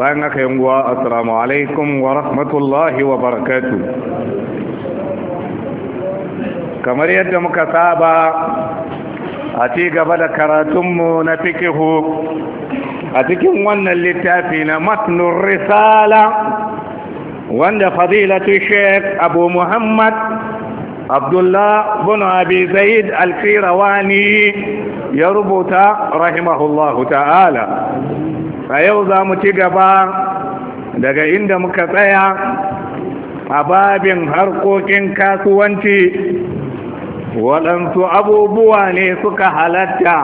bayan aka yin guwa assalamu alaikum wa rahmatullahi wa barakatu kamar yadda muka saba a ci gaba da karatunmu na fikihu a cikin wannan littafi na matnun risala wanda fadilatu sheik abu muhammad abdullah bin abi zaid alfirawani ya rubuta rahimahullahu ta'ala a yau za mu ci gaba daga inda muka tsaya a babin harkokin kasuwanci waɗansu abubuwa ne suka halatta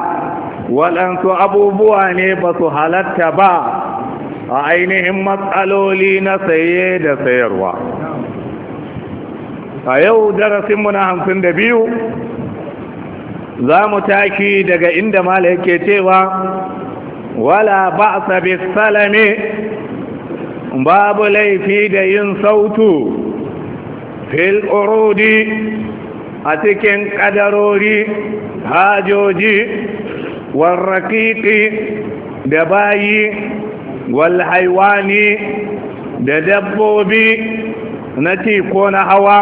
waɗansu abubuwa ne ba su halatta ba a ainihin matsaloli na saye da sayarwa a yau darasinmu na hamsin da biyu za mu taki daga inda mala yake cewa wala ba'sa bisalami babu laifi da yin sautu fil a cikin ƙadarori, hajoji warraƙiƙi da bayi walhaiwani da dabbobi na ci ko na hawa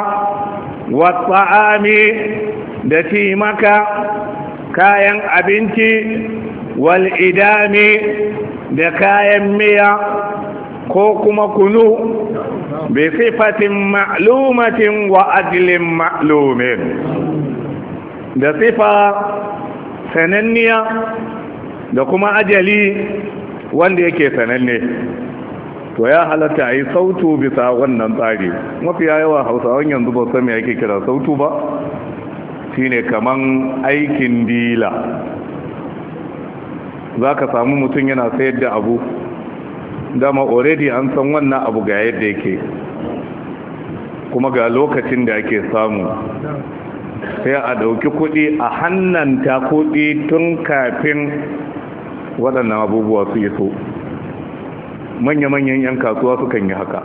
watsa'ami da cimaka kayan abinci Wal'idani da kayan miya ko kuma kunu bi sifatin ma'lumatin wa ajlin ma'lumin da sifa sananniya da kuma ajali wanda yake sananne to ya halatta a yi sautu bisa wannan tsari mafiya yawa hausawan yanzu ba sami ake kira sautu ba shine kaman aikin dila za ka samu mutum yana sayar da abu dama already an san wannan abu ga yadda yake kuma ga lokacin da ake samu sai a ɗauki kuɗi a hannanta kuɗi tun kafin waɗannan abubuwa su so manya-manyan 'yan kasuwa sukan yi haka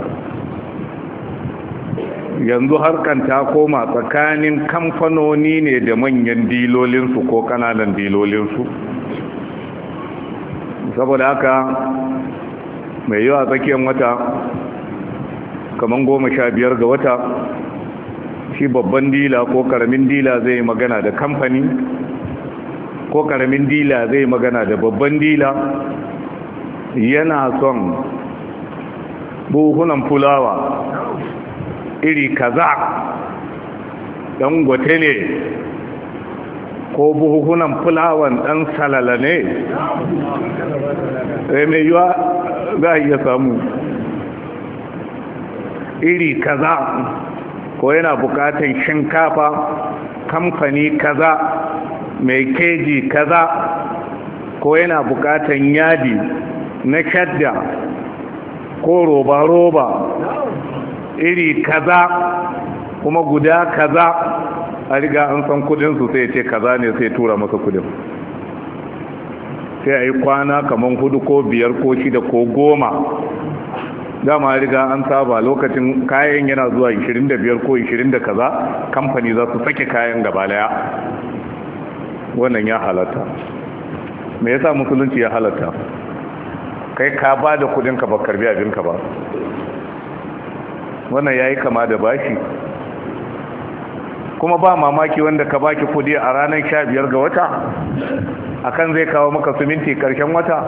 yanzu harkan ta koma tsakanin kamfanoni ne da manyan dilolinsu ko kananan dilolinsu saboda haka mai yiwa tsakiyar wata kamar goma sha biyar ga wata shi babban dila ko karamin dila zai magana da kamfani ko karamin dila zai magana da babban dila yana son buhunan fulawa iri kaza gwate ne ko buhunan fulawan ɗan salala ne eh, mai yiwa za a iya samu iri kaza ko yana bukatan shinkafa kamfani kaza mai keji kaza ko yana bukatan yadi na shadda ko roba-roba iri kaza kuma guda kaza a riga an san kudin su sai ce kaza ne sai tura masa kudin sai a yi kwana kamar hudu ko biyar ko shida ko goma dama riga an saba lokacin kayan yana zuwa 25 ko 20 kaza kamfani za su sake kayan gaba wannan ya halatta me yasa musulunci ya halatta kai ka ba da kudinka ba karbi abinka ba wannan ya yi kama da bashi kuma ba mamaki wanda ka baki kudi a ranar sha biyar ga wata akan zai kawo maka siminti karshen wata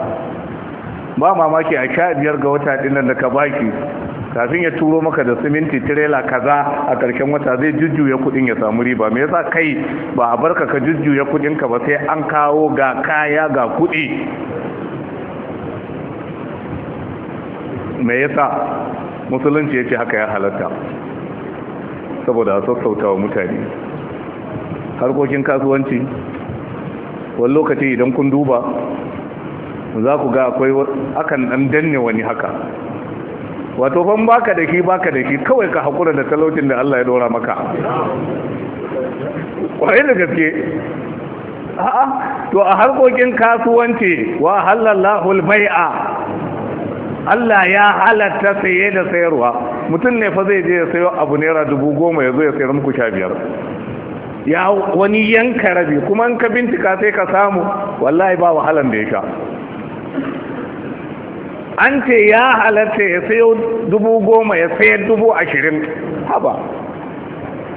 ba mamaki a sha biyar ga wata dinnan da ka baki kafin ya turo maka da siminti tirela kaza a karshen wata zai jujjuya kudin ya samu riba me yasa kai ba a barka ka jujjuya kudin ka ba sai an kawo ga kaya ga kudi me yasa musulunci ya ce haka ya halatta saboda a sassauta wa mutane harkokin kasuwanci wani lokaci idan kun duba za ku ga akwai akan dan danne wani haka wato ban baka da shi baka da shi kawai ka hakura da talaucin da Allah ya dora maka kwarai da gaske a'a to a harkokin kasuwanci wa halallahu albai'a Allah ya halatta saye da sayarwa mutum ne fa zai je ya sayo abu naira dubu goma ya zo ya sayar muku sha biyar ya wani yanka rabi kuma in ka bintika sai ka samu wallahi ba wahalan da ya sha an ce ya halatta ya sayo dubu goma ya sayar dubu ashirin haba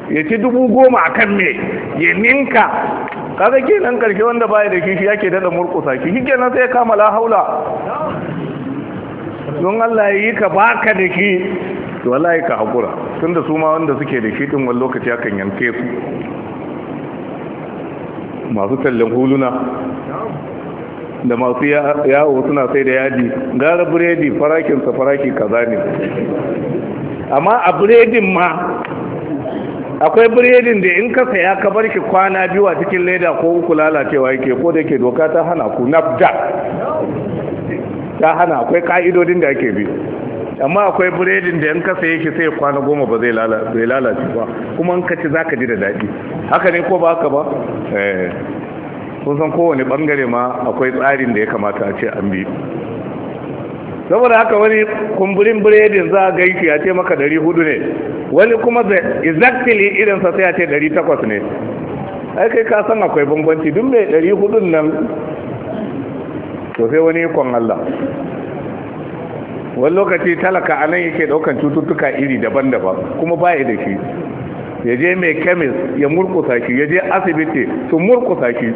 ya ci dubu goma a kan me ya ninka kaga kenan karshe wanda baya da kishi yake daɗa murkusa shi shi kenan sai ya kama la haula don Allah ya yi ka baka da shi. wallahi ka hakura tunda su ma wanda suke da shi wani lokaci akan yanke su masu tallan huluna da masu yawo suna sai da yaji gara biredi farakinsa faraki kaza ne amma a biredin ma akwai biredin da in ka saya ka bar shi kwana biyu a cikin leda ko uku lalacewa yake ko da yake doka ta hana ku nafda ta hana akwai ka'idodin da ake biyu amma akwai biredin da yan kasa yake sai kwana goma ba zai lalace ba kuma an ka za ka ji da daɗi haka ne ko ba haka ba sun eh. san kowane bangare ma akwai tsarin da ya kamata a ce an bi saboda haka wani kumburin biredin za a gaiki ya ce maka dari hudu ne wani kuma da exactly irinsa sai ya ce dari takwas ne ai kai ka san akwai bambanci duk mai dari hudun nan sosai wani ikon Allah wani lokaci talaka a nan yake daukan cututtuka iri daban-daban kuma baya da shi ya je mai kemis ya murkusa shi ya je asibiti su murkusa shi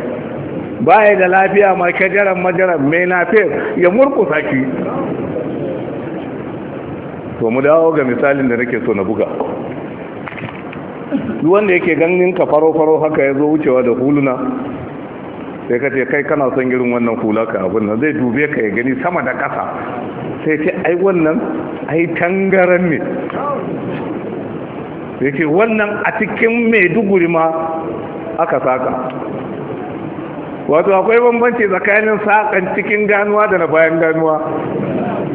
baya da lafiya ma kajaran majaran mai lafiya ya murkusa shi to mu dawo ga misalin da nake so na buga duk wanda yake ganin ka faro-faro haka ya zo wucewa da huluna sai ka ce kai kana son irin wannan hula ka abin nan zai dube ka ya gani sama da ƙasa sai ce ai wannan ai tangaran ne yake wannan a cikin maiduguri ma aka saka wato akwai bambanci tsakanin sakan cikin ganuwa da na bayan ganuwa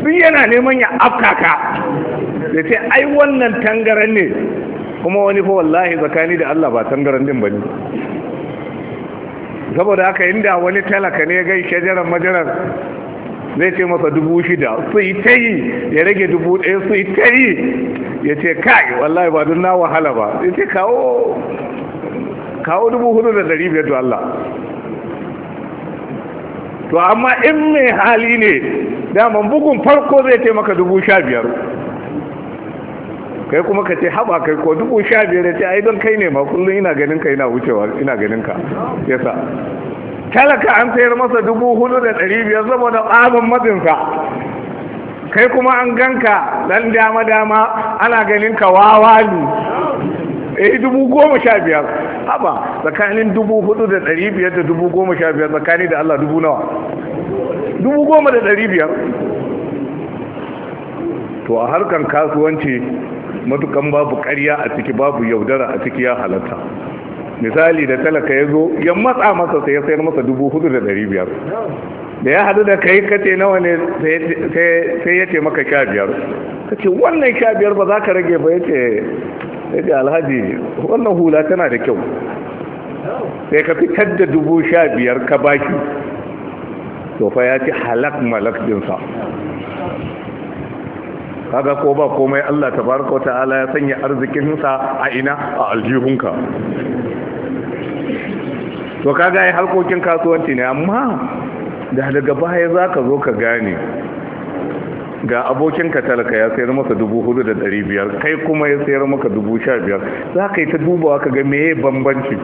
sun yana neman ya afkaka da ce ai wannan tangaran ne kuma wani fa wallahi tsakani da Allah ba tangaran din bane saboda haka inda wani talaka ne gai shajarar majalar zai ce masa dubu shida su yi ta yi ya rage dubu ɗaya su yi ta yi ya ce kai wallahi ba don na wahala ba ya ce kawo kawo dubu hudu da dari biyar da Allah to amma in mai hali ne Da bugun farko zai ce maka dubu sha biyar kai kuma ka ce haɓa kai ko dubu sha biyar ya ce ai don kai ne ma kullum ina ganin ka ina wucewa ina ganin ka yasa talaka an sayar masa dubu hudu da ɗari biyar saboda tsaban matsinsa kai kuma an ganka dan dama dama ana ganin ka wawa ne eh dubu goma sha biyar haba tsakanin dubu hudu da ɗari biyar da dubu goma sha biyar tsakani da Allah dubu nawa dubu goma da ɗari biyar to a harkar kasuwanci matukan babu ƙarya a ciki babu yaudara a ciki ya halatta misali da talaka ya zo ya matsa masa sai ya sayar masa dubu hudu da dari biyar da ya hadu da kai kace nawa ne sai ya ce maka sha biyar ka ce wannan sha biyar ba za ka rage ba ya ce alhaji wannan hula tana da kyau sai ka fitar da dubu sha biyar ka baki to fa ya ce halak malak dinsa kaga ko ba komai Allah Ta tabaraka ta'ala ya sanya arzikinsa a ina a aljihunka to kaga ai harkokin kasuwanci ne amma da daga baya za ka zo ka gane ga abokinka talaka ya sayar maka dubu hudu da dari biyar kai kuma ya sayar maka dubu sha biyar za ka yi ta dubawa ka ga meye bambanci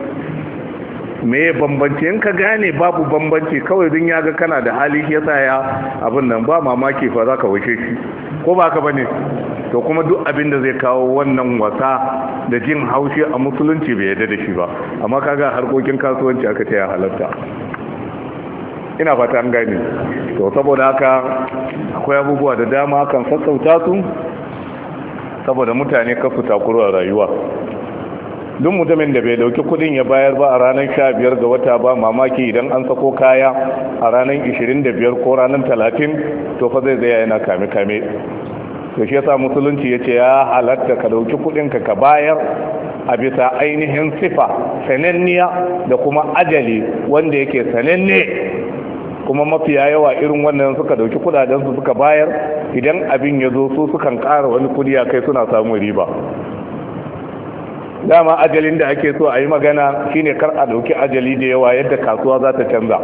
me bambanci in ka gane babu bambanci kawai din ya ga kana da hali ya tsaya abin nan ba mamaki fa za ka wuce shi ko ba ka bane to kuma duk abin da zai kawo wannan wasa da jin haushi a musulunci bai yadda da shi ba amma kaga harkokin kasuwanci aka ta ya halatta ina fata an gani to saboda haka akwai abubuwa da dama kan sassauta su saboda mutane ka takuru a rayuwa duk mutumin da bai dauki kudin ya bayar ba a ranar sha biyar ga wata ba mamaki idan an sako kaya a ranar ishirin da biyar ko ranar talatin to fa zai zai yana kame kame to shi yasa musulunci ya ce ya halatta ka dauki kudin ka ka bayar a bisa ainihin sifa sananniya da kuma ajali wanda yake sananne kuma mafiya yawa irin wannan suka dauki kudaden su suka bayar idan abin ya zo su sukan kara wani kudi a kai suna samun riba dama ajalin da ake so a yi magana shine kar a dauki ajali da yawa yadda kasuwa za ta canza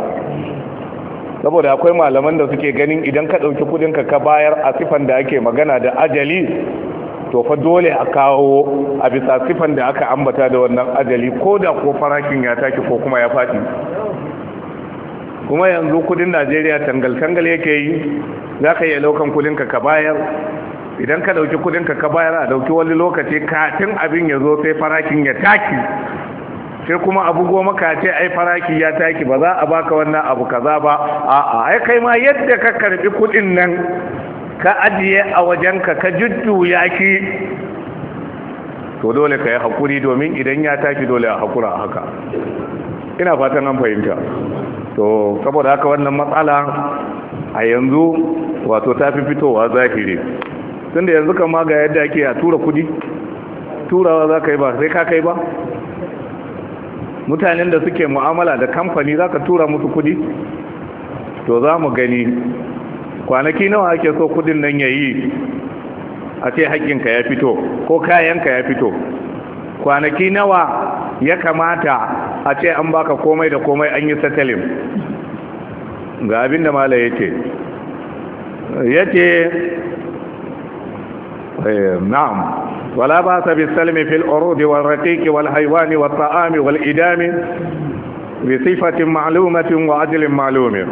saboda akwai malaman da suke ganin idan ka dauki kudin ka bayar a sifan da ake magana da ajali to fa dole a kawo a bisa sifan da aka ambata da wannan ajali ko da ko farashin ya taki ko kuma ya faɗi kuma yanzu kudin najeriya tangal-tangal yake yi za ka iya laukan kudinka ka bayar idan ka dauki kudin ka ka bayar a dauki wani lokaci katin abin ya zo sai farakin ya taki sai kuma abu goma ka ce ai faraki ya taki ba za a baka wannan abu kaza ba a'a ai kai ma yadda ka karbi kudin nan ka ajiye a wajenka ka jujjuya ki to dole ka yi haƙuri domin idan ya taki dole a haƙura haka ina fatan an fahimta to saboda haka wannan matsala a yanzu wato ta fi fitowa zahiri tunda yanzu kama ga yadda ake a tura kudi turawa za ka yi ba sai ka kai ba mutanen da suke mu'amala da kamfani za ka tura musu kudi to za mu gani kwanaki nawa ake so kudin nan ya yi a ce haƙƙinka ya fito ko kayanka ya fito kwanaki nawa ya kamata a ce an baka komai da komai an yi satalin ga abin da mala ya ce ya ce na'am wala ba ta bisalmi fil urudi wal raqiqi wal haywani wat ta'ami wal idami bi sifatin ma'lumatin wa ajlin ma'lumin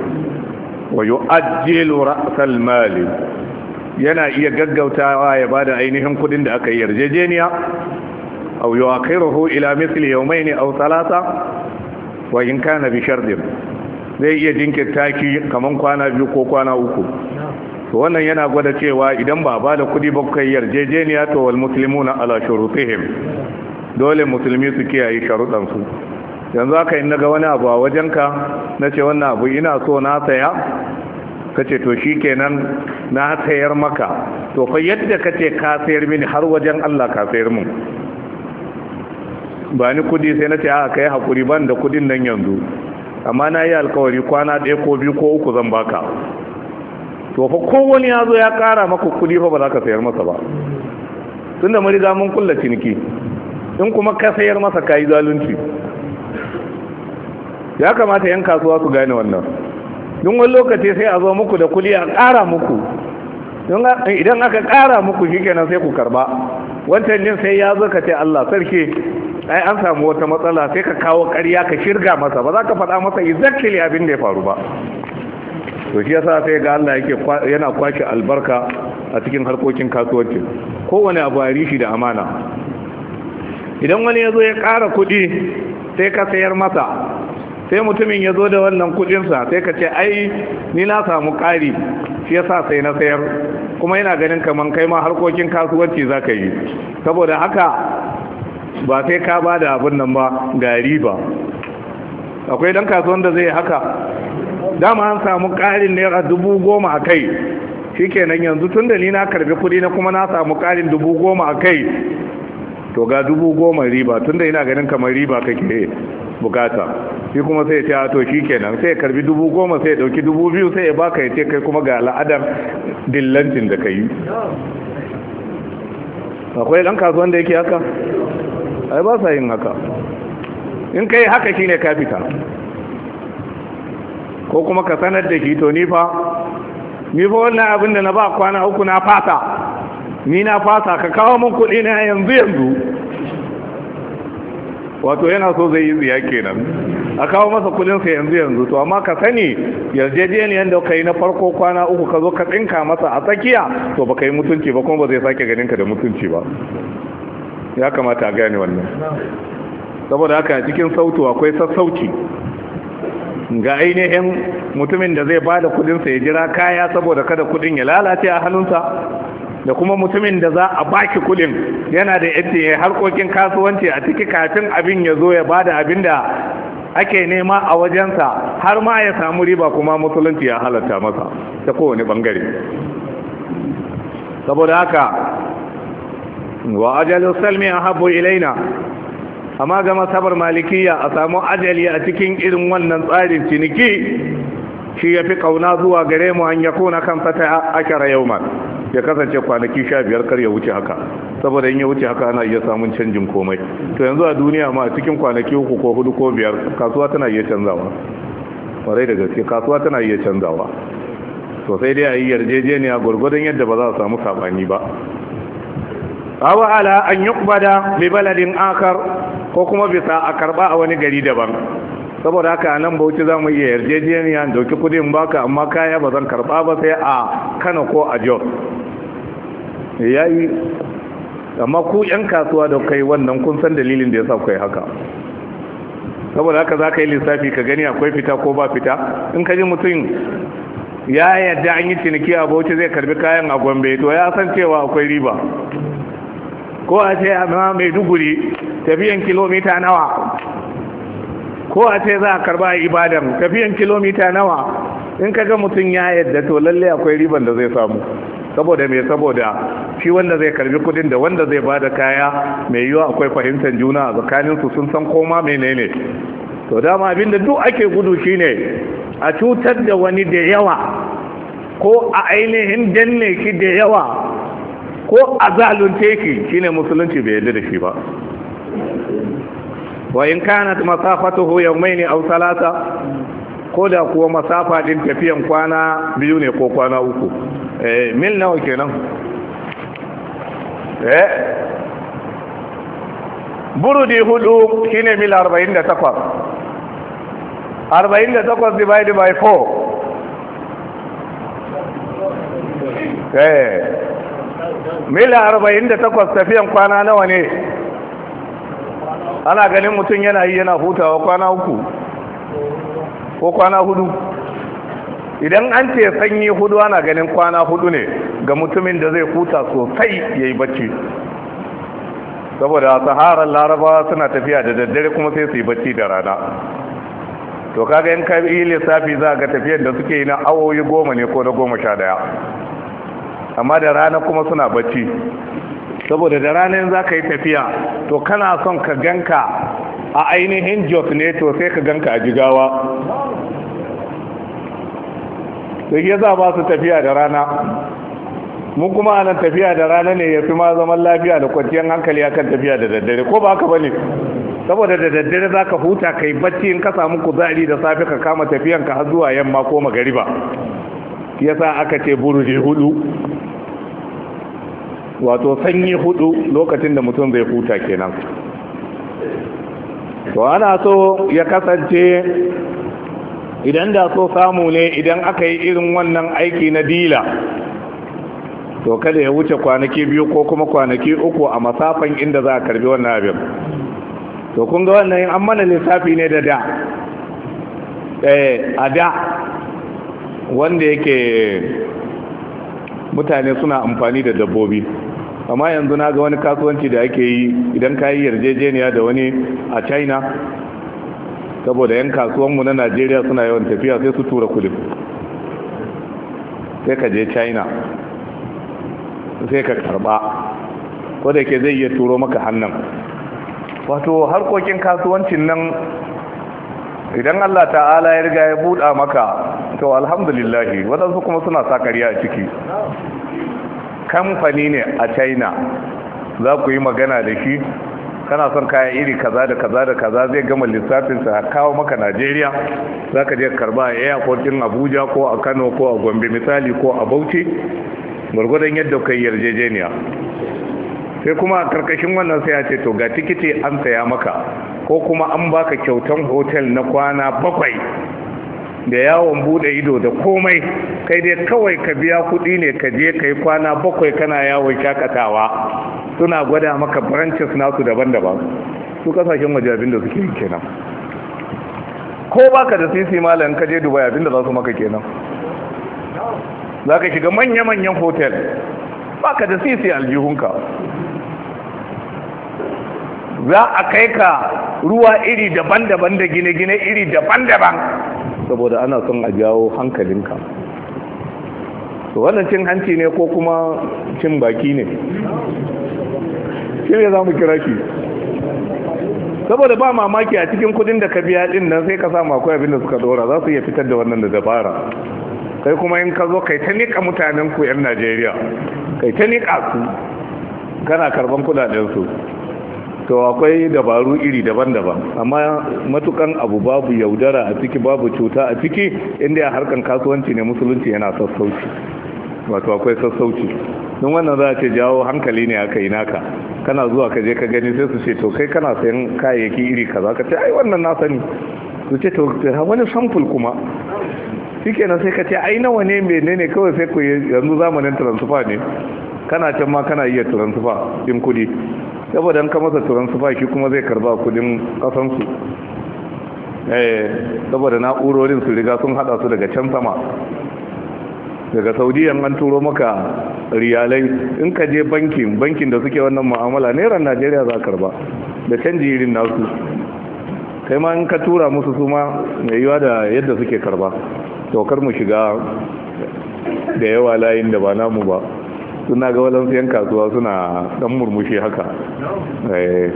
wa yu'ajjilu ra's al mali yana iya gaggautawa ya bada ainihin kuɗin da aka yi yarjejeniya aw yu'akhiruhu ila mithli yawmayn aw thalatha wa in kana bi shardin zai iya jinkirta taki kamar kwana biyu ko kwana uku wannan yana gwada cewa idan ba ba da kudi ba yarjejeniya to wal muslimuna ala shurutihim dole musulmi su kiyaye sharuɗan su yanzu aka in naga wani abu a wajenka na ce wannan abu ina so na saya ka ce to shi kenan na sayar maka to fa yadda ka ce ka sayar mini har wajen Allah ka sayar mun ba ni kudi sai na ce a kai hakuri ban da kudin nan yanzu amma na yi alkawari kwana ɗaya ko biyu ko uku zan baka to fa kowani ya zo ya kara maka kudi fa ba za ka sayar masa ba tunda mun riga mun kulla ciniki in kuma ka sayar masa kayi zalunci ya kamata yan kasuwa su gane wannan don wani lokaci sai a zo muku da kuli a ƙara muku idan aka kara muku shi kenan sai ku karba wancan din sai ya zo ka ce Allah sarki ai an samu wata matsala sai ka kawo ƙarya ka shirga masa ba za ka faɗa masa exactly abin da ya faru ba to shi yasa sai ga Allah yake yana kwashi albarka a cikin harkokin kasuwanci kowane abu a rishi da amana idan wani ya zo ya ƙara kuɗi sai ka sayar masa sai mutumin ya zo da wannan kuɗinsa sai ka ce ai ni na samu ƙari shi yasa sai na sayar kuma yana ganin kamar kai ma harkokin kasuwanci za ka yi saboda haka ba sai ka ba da abin nan ba gari ba. akwai dan kasuwan da zai haka dama an samu ƙarin naira dubu goma a kai shi kenan yanzu tun da ni na karbi kuɗi na kuma na samu ƙarin dubu goma a kai to ga dubu goma riba tun da ina ganin kamar riba kake bukata shi kuma sai ce to shi kenan sai ya karbi dubu goma sai ya ɗauki dubu biyu sai ya baka ya ce kai kuma ga al'adar dillancin da ka yi akwai ɗan kasuwan da yake haka ai ba sa yin haka in kai haka shine ka fita ko kuma ka sanar da shi to ni fa ni fa wannan abin da na ba kwana uku na fasa ni na fasa ka kawo min kuɗi na yanzu yanzu wato yana so zai yi ziya kenan a kawo masa sa yanzu yanzu to amma ka sani yarjejeniyar da ka yi na farko kwana uku ka zo ka tsinka masa a tsakiya to baka yi mutunci ba kuma ba zai sake ganin ka da mutunci ba ya kamata a gane wannan saboda haka cikin sautu akwai sassauci ga ainihin mutumin da zai bada kudinsa ya jira kaya saboda kada kudin ya lalace a hannunsa da kuma mutumin da za a baki kudin yana da yadda ya harkokin kasuwanci a ciki kafin abin ya zo ya bada abin da ake nema a wajensa har ma ya samu riba kuma musulunci ya halatta masa ta kowane bangare saboda haka wa ajalu salmi ahabbu ilaina amma ga masabar malikiya a samu ajali a cikin irin wannan tsarin ciniki shi ya fi kauna zuwa gare mu an ya kona kan fata a kyara yau ma ya kasance kwanaki sha biyar kar ya wuce haka saboda in ya wuce haka ana iya samun canjin komai to yanzu a duniya ma cikin kwanaki uku ko hudu ko biyar kasuwa tana iya canzawa kwarai da gaske kasuwa tana iya canzawa to dai a yi yarjejeniya gwargwadon yadda ba za a samu sabani ba awa ala an yuqbada bi baladin akar ko kuma bisa a karba a wani gari daban saboda haka nan bauchi za mu iya yarjejeniya dauki kuɗin baka amma kaya ba zan karba ba sai a kano ko a jos ya yi amma ku 'yan kasuwa da kai wannan kun san dalilin da ya sa kai haka saboda haka za ka yi lissafi ka gani akwai fita ko ba fita in ka ji mutum ya yadda an yi ciniki a bauchi zai karbi kayan a gombe to ya san cewa akwai riba ko a ce a maiduguri tafiyan kilomita nawa ko a ce za a karba ibadan tafiyan kilomita nawa in ka ga mutum ya yadda to lalle akwai riban da zai samu saboda mai saboda shi wanda zai karbi kudin da wanda zai bada kaya mai yiwa akwai fahimtar juna a tsakaninsu sun san koma menene to dama abin da duk ake gudu shine a cutar da wani da yawa ko a ainihin danne shi da yawa ko a zalunce Shi shine musulunci bai yadda da shi ba wa in kanat masafatuhu yawmayn aw thalatha ko da kuwa masafa din tafiyan kwana biyu ne ko kwana uku eh mil nawa kenan eh burudi hudu shine mil 48 48 divided by 4 eh mil 48 tafiyan kwana nawa ne ana ganin mutum yana yi yana hutawa kwana uku ko kwana hudu idan an ce sanyi hudu ana ganin kwana hudu ne ga mutumin da zai huta sosai ya yi bacci saboda saharar larabawa suna tafiya da daddare kuma sai su yi bacci da rana to kaga yin kai lissafi za ga tafiyar da suke yi na awoyi goma ne ko na goma sha daya amma da rana kuma suna bacci saboda da ranar za ka yi tafiya to kana son ka ganka a ainihin jos ne to sai ka ganka a jigawa da ya za ba su tafiya da rana mun kuma anan tafiya da rana ne ya fi ma zaman lafiya da kwanciyar hankali akan tafiya da daddare ko ba haka bane saboda da daddare za ka huta ka yi bacci in ka samu kuzari da safe ka kama tafiyanka har zuwa yamma ko magariba yasa aka ce buruje hudu wato sanyi hudu lokacin da mutum zai huta kenan to ana so ya kasance idan da so samu ne idan aka yi irin wannan aiki na dila to kada ya wuce kwanaki biyu ko kuma kwanaki uku a masafan inda za a karbi wannan abin to kun ga wannan yin mana lissafi ne da da eh, a da wanda yake mutane suna amfani da dabbobi amma yanzu na ga wani kasuwanci da ake yi idan ka yi yarjejeniya da wani a china saboda yan kasuwanmu na najeriya suna yawan tafiya sai su tura kudin sai ka je china sai ka karba ko zai iya turo maka hannun wato harkokin kasuwancin nan idan Allah ta'ala ya riga ya buɗa maka to alhamdulillahi waɗansu kuma suna sa karya a ciki kamfani ne a china za ku yi magana da shi kana son kaya iri kaza da kaza da kaza zai gama lissafinsa a kawo maka najeriya za ka je karba a airport din abuja ko a kano ko a gombe misali ko a bauchi gwargwadon yadda kai yarjejeniya sai kuma a karkashin wannan sai ya ce to ga tikiti an saya maka ko kuma an baka kyautan hotel na kwana bakwai da yawon bude ido da komai kai dai kawai ka biya kuɗi ne ka je ka yi kwana bakwai kana yawon shakatawa suna gwada maka branches nasu daban-daban su kasashen waje abin da suke yi kenan ko baka da sisi malam ka je dubai abin da za su maka kenan za ka shiga manya-manyan hotel baka da sisi aljihunka za a kai ka ruwa iri daban-daban da gine-gine iri daban-daban saboda ana son a jawo hankalinka to wannan cin hanci ne ko kuma cin baki ne shi ne za mu kira ki saboda ba mamaki a cikin kudin da ka biya din nan sai ka sa mako abin da suka dora za su iya fitar da wannan da dabara kai kuma in ka zo kai ta nika mutanen ku yan najeriya kai ta nika su kana karban kudaden su to akwai dabaru iri daban-daban amma matukan abu babu yaudara a ciki babu cuta a ciki inda ya harkan kasuwanci ne musulunci yana sassauci wato akwai sassauci don wannan za a ce jawo hankali ne aka yi naka kana zuwa ka je ka gani sai su ce to kai kana sayan kayayyaki iri kaza ka ce ai wannan na sani su ce to wani samful kuma shikenan sai ka ce ai nawa ne menene kawai sai ku yanzu zamanin transfer ne kana can ma kana iya transfer din kudi saboda an kama sassuran su baki kuma zai karba kudin kasansu eh, saboda na'urorin su riga sun hada su daga can sama daga saudiya an turo maka riyalai in ka je bankin bankin da suke wannan mu'amala naira najeriya za karba da canji irin nasu kai ma in ka tura musu su ma mai yiwa da yadda suke karba tokar mu shiga da yawa layin da ba namu ba suna ga walansu yan kasuwa suna dan murmushi haka eh.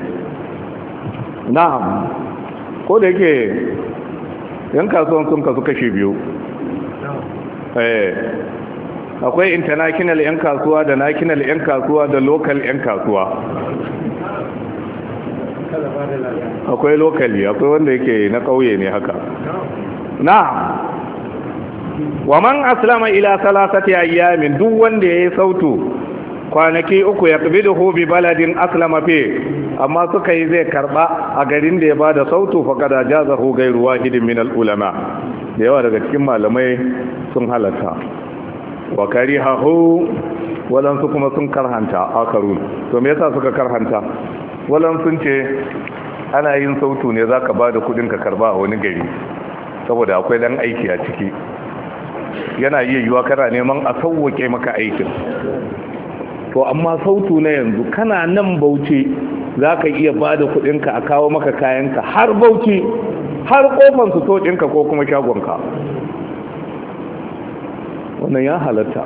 na'am ko da yake yan kasuwan sun kasu kashi biyu eh. akwai international yan kasuwa da national yan kasuwa da local yan kasuwa akwai lokali akwai wanda yake na kauye ne haka na'am wa man aslama ila salasati yamin, duk wanda yayi sautu kwanaki uku ya da bi baladin aslama fi amma suka yi zai karba a garin da ya bada sautu fa kada jazahu ghairu wahidin min al ulama da yawa daga cikin malamai sun halatta wa karihahu walansu kuma sun karhanta akarun to me yasa suka karhanta walan ce ana yin sautu ne zaka bada kudin ka karba a wani gari saboda akwai dan aiki a ciki yana iya yiwa kana neman a sauwake maka aikin to amma sautu na yanzu kana nan bauchi za ka iya ba da kudinka a kawo maka kayanka har bauchi har kofan su ko kuma shagonka wannan ya halatta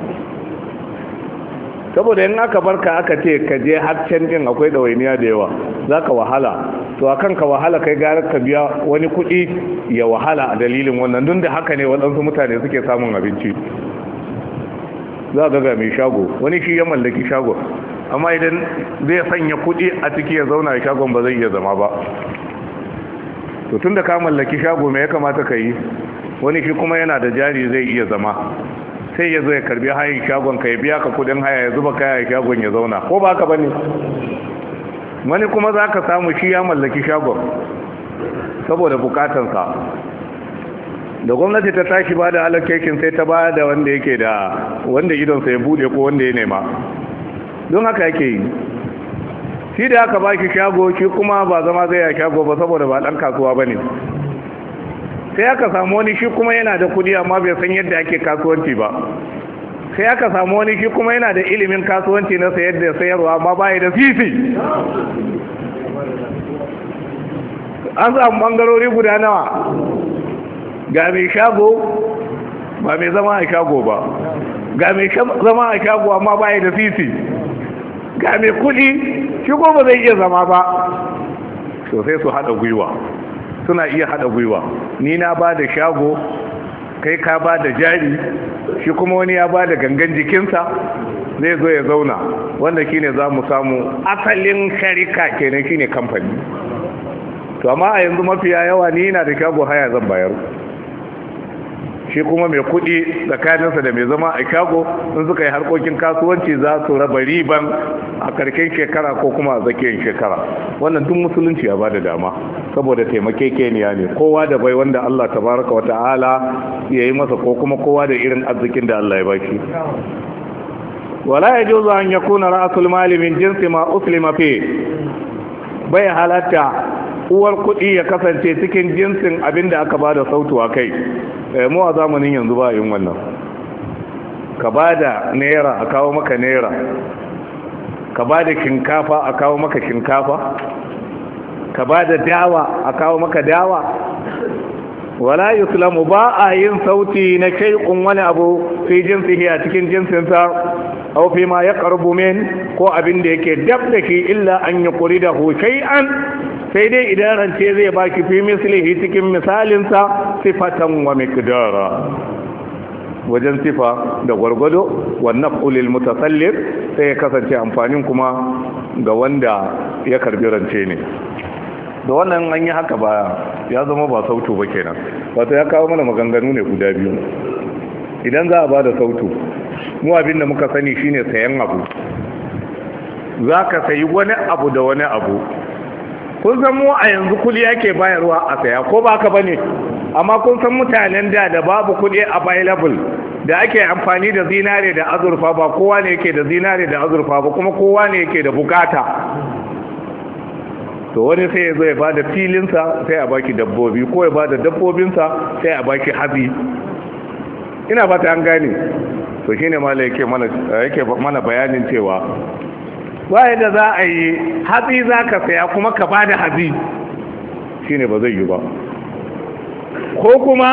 saboda in aka barka aka ce ka je har can din akwai ɗawainiya da yawa za ka wahala to a kan ka wahala kai gara ka biya wani kuɗi ya wahala a dalilin wannan duk haka ne waɗansu mutane suke samun abinci za ga ga mai shago wani shi ya mallaki shago amma idan zai sanya kuɗi a ciki ya zauna a shagon ba zai iya zama ba to tun da ka mallaki shago me ya kamata ka yi wani shi kuma yana da jari zai iya zama sai ya zo ya karbi hayan shagon ka ya biya ka kudin haya ya zuba kaya a shagon ya zauna ko ba ka bane wani kuma za ka samu shi ya mallaki shagon saboda bukatansa da gwamnati ta tashi ba da alakekin sai ta ba da wanda yake da wanda idonsa ya bude ko wanda ya nema don haka yake yi shi da aka ba shi shago shi kuma ba zama zai ya shago ba saboda ba ɗan kasuwa ba ne sai aka samu wani shi kuma yana da kudi amma bai san yadda ake kasuwanci ba sai aka samu wani shi kuma yana da ilimin kasuwanci na sayar da sayarwa amma bai da sisi an samu bangarori guda nawa ga mai shago ba mai zama a shago ba ga mai zama a shago amma baya da sisi ga mai kudi shi kuma ba zai iya zama ba sosai sai su haɗa gwiwa suna iya haɗa gwiwa ni na ba da shago kai ka ba da jari shi kuma wani ya ba da gangan jikinsa zai zo ya zauna wanda shine za mu samu asalin sharika kenan shine kamfani to amma a yanzu mafiya yawa ni na da shago haya zan bayar shi kuma mai kuɗi tsakaninsa da mai zama a shago in suka yi harkokin kasuwanci za su raba riban a karken shekara ko kuma a tsakiyar shekara wannan duk musulunci ya bada dama saboda taimakekeniya ne kowa da bai wanda Allah tabaraka wata'ala ya yi masa ko kuma kowa da irin arzikin da Allah ya baki wala ya yajuzu an yakuna ra'sul mali min jinsi ma uslima bai halatta uwar kuɗi ya kasance cikin jinsin abin da aka ba da sautu a kai eh, mu a zamanin yanzu ba yin wannan ka ba da naira a kawo maka naira ka ba da shinkafa a kawo maka shinkafa ka ba da dawa a kawo maka dawa wala yuslamu ba a yin sauti na shaikun wani abu fi jinsihi a cikin jinsinsa aw fi ma yaqrubu min ko abin da yake dab da shi illa an yuqridahu shay'an sai dai idan rance zai baki fi mislihi cikin misalinsa sifatan wa miqdara wajen sifa da gwargwado wannan ulil mutasallir sai ya kasance amfanin kuma ga wanda ya karbi rance ne da wannan an yi haka baya, ya zama ba sautu ba kenan wata ya kawo mana maganganu ne guda biyu idan za a ba da sautu mu abin da muka sani shine sayan abu za ka sayi wani abu da wani abu kun san mu a yanzu kudi yake bayarwa a saya ko ba ka bane amma kun san mutanen da da babu kudi available da ake amfani da zinare da azurfa ba kowa ne yake da zinare da azurfa ba kuma kowa ne yake da bukata to wani sai ya zo ya bada filinsa sai a baki dabbobi ko ya bada dabbobinsa sai a baki hazi ina ta an gane to shine malai mana yake mana bayanin cewa baya da za a yi hatsi za ka saya kuma ka ba da hatsi shi ne ba zai yi ba ko kuma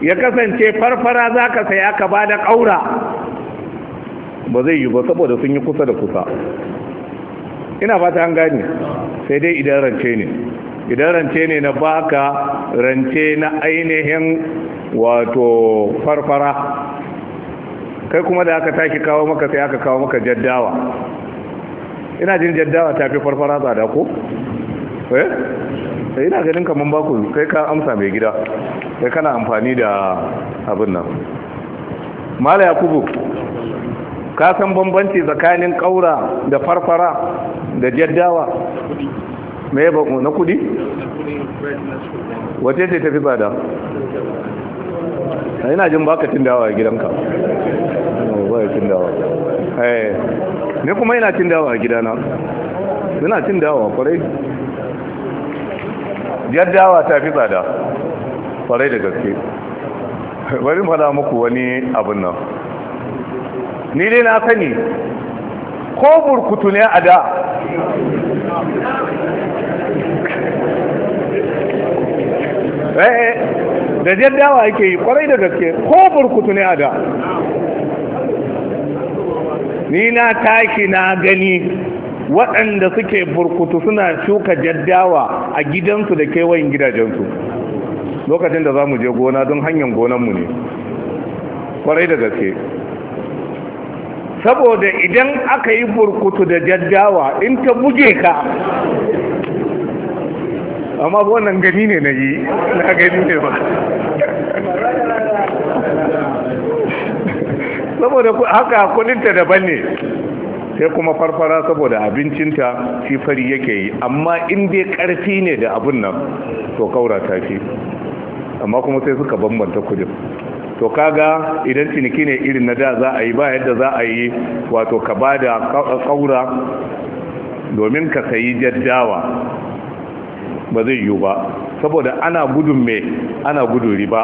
ya kasance farfara za ka saya ka ba da ƙaura ba zai yi ba saboda sun yi kusa da kusa ina fata an gani sai dai idan rance ne idan rance ne na baka rance na ainihin wato farfara kai kuma da aka tashi kawo maka sai aka kawo maka jaddawa ina jin jaddawa ta fi farfara tsada ko eh, eh ina ganin kamar baku kai ka amsa mai gida kai kana amfani da abin nan mala yakubu ka san bambanci tsakanin ƙaura, da farfara da jaddawa me ba na kudi wace ce tafi tsada ina jin baka tindawa a gidanka ba ya tindawa Eh. ne kuma yana cin dawa a gidana yana cin dawa kwarai dawa ta fi tsada kwarai da gaske bari fada muku wani abin nan ni dai na sani ko burkutu ne a da eh, eh. da jaddawa ake yi kwarai da gaske ko burkutu ne a da ni na tashi na gani waɗanda suke burkutu suna shuka jaddawa a gidansu da kewayin gidajensu lokacin da za mu je gona don hanyar gonanmu ne kwarai da gaske saboda idan aka yi burkutu da jaddawa in ta buge ka amma wannan gani ne na yi na gani ne ba saboda haka kudinta daban ne sai kuma farfara saboda abincinta shi fari yake yi amma in dai karfi ne da abin nan to kaura ta fi amma kuma sai suka bambanta kudin to kaga idan ciniki ne irin na da za a yi ba yadda za a yi wato ka ba da kaura domin ka sayi jaddawa ba zai yiwu ba saboda ana gudun mai ana gudun riba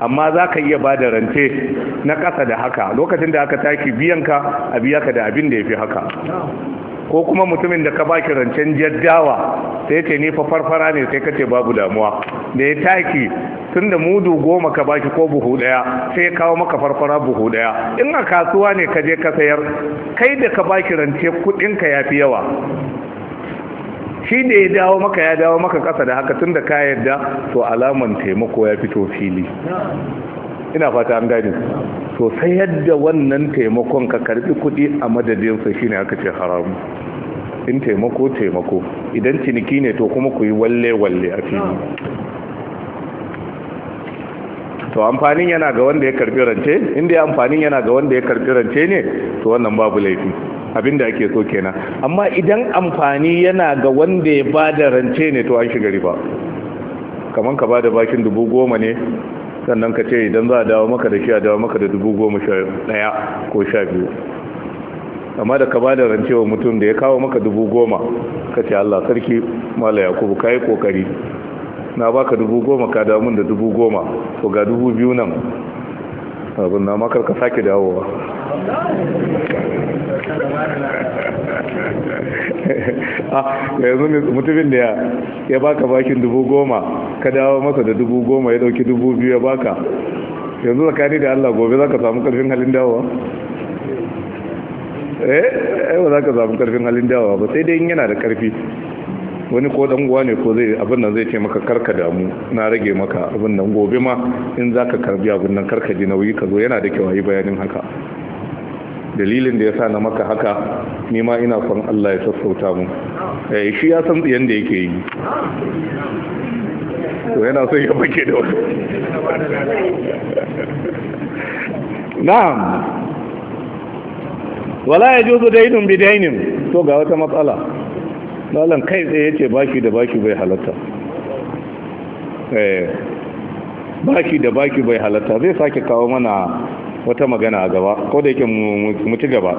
amma za ka iya ba da rance na ƙasa da haka lokacin da aka taki biyanka a biya ka da abin da ya fi haka ko kuma mutumin da ka ba ki rancen jaddawa sai ce ni fa farfara ne sai ka ce babu damuwa da ya taki tun da mudu goma ka ba ki ko buhu daya sai ya kawo maka farfara buhu daya in a kasuwa ne ka je ka sayar kai da ka ba ki rance kudinka ya fi yawa shi da ya dawo maka ya dawo maka kasa da haka tun da ka yadda to alaman taimako ya fito fili ina fata an gani to sai yadda wannan taimakon ka karbi kuɗi a madadinsa shine aka ce haramu in taimako taimako idan ciniki ne to kuma ku yi walle-walle a fili to amfanin yana ga wanda ya karbi rance inda amfanin yana ga wanda ya karbi rance ne to wannan babu laifi abinda ake so kenan amma idan amfani yana ga wanda ya bada rance ne to an shiga riba kaman ka bada bakin dubu goma ne sannan ka ce idan za a dawo maka da shi a dawo maka da dubu goma sha ɗaya ko sha biyu amma da ka ba da wa mutum da ya kawo maka dubu goma ka ce Allah sarki mala yakubu ka yi kokari na baka dubu goma ka damun da dubu goma to ga dubu biyu nan abin na makar ka sake dawowa ah, yanzu mutumin da ya baka bakin dubu goma ka dawo masa da dubu goma ya dauki dubu biyu ya baka yanzu tsakani da allah gobe za ka samu karfin halin dawowa eh ba za ka samu karfin halin dawowa ba sai dai yana da karfi wani ko dan uwa ne ko zai abin nan zai ce maka karka damu na rage maka abin nan gobe ma in zaka karbi abin nan karka ji nauyi ka zo yana da kyau yi bayanin haka dalilin da yasa na maka haka ni ma ina son Allah ya sassauta mu eh shi ya san da yake yi to yana son ya bake da wani na'am wala yajuzu daynun bidaynin to ga wata matsala malam kai tsaye ce baki da baki bai halatta eh, baki da baki bai halatta zai sake kawo mana wata magana a gaba ko da yake mutu gaba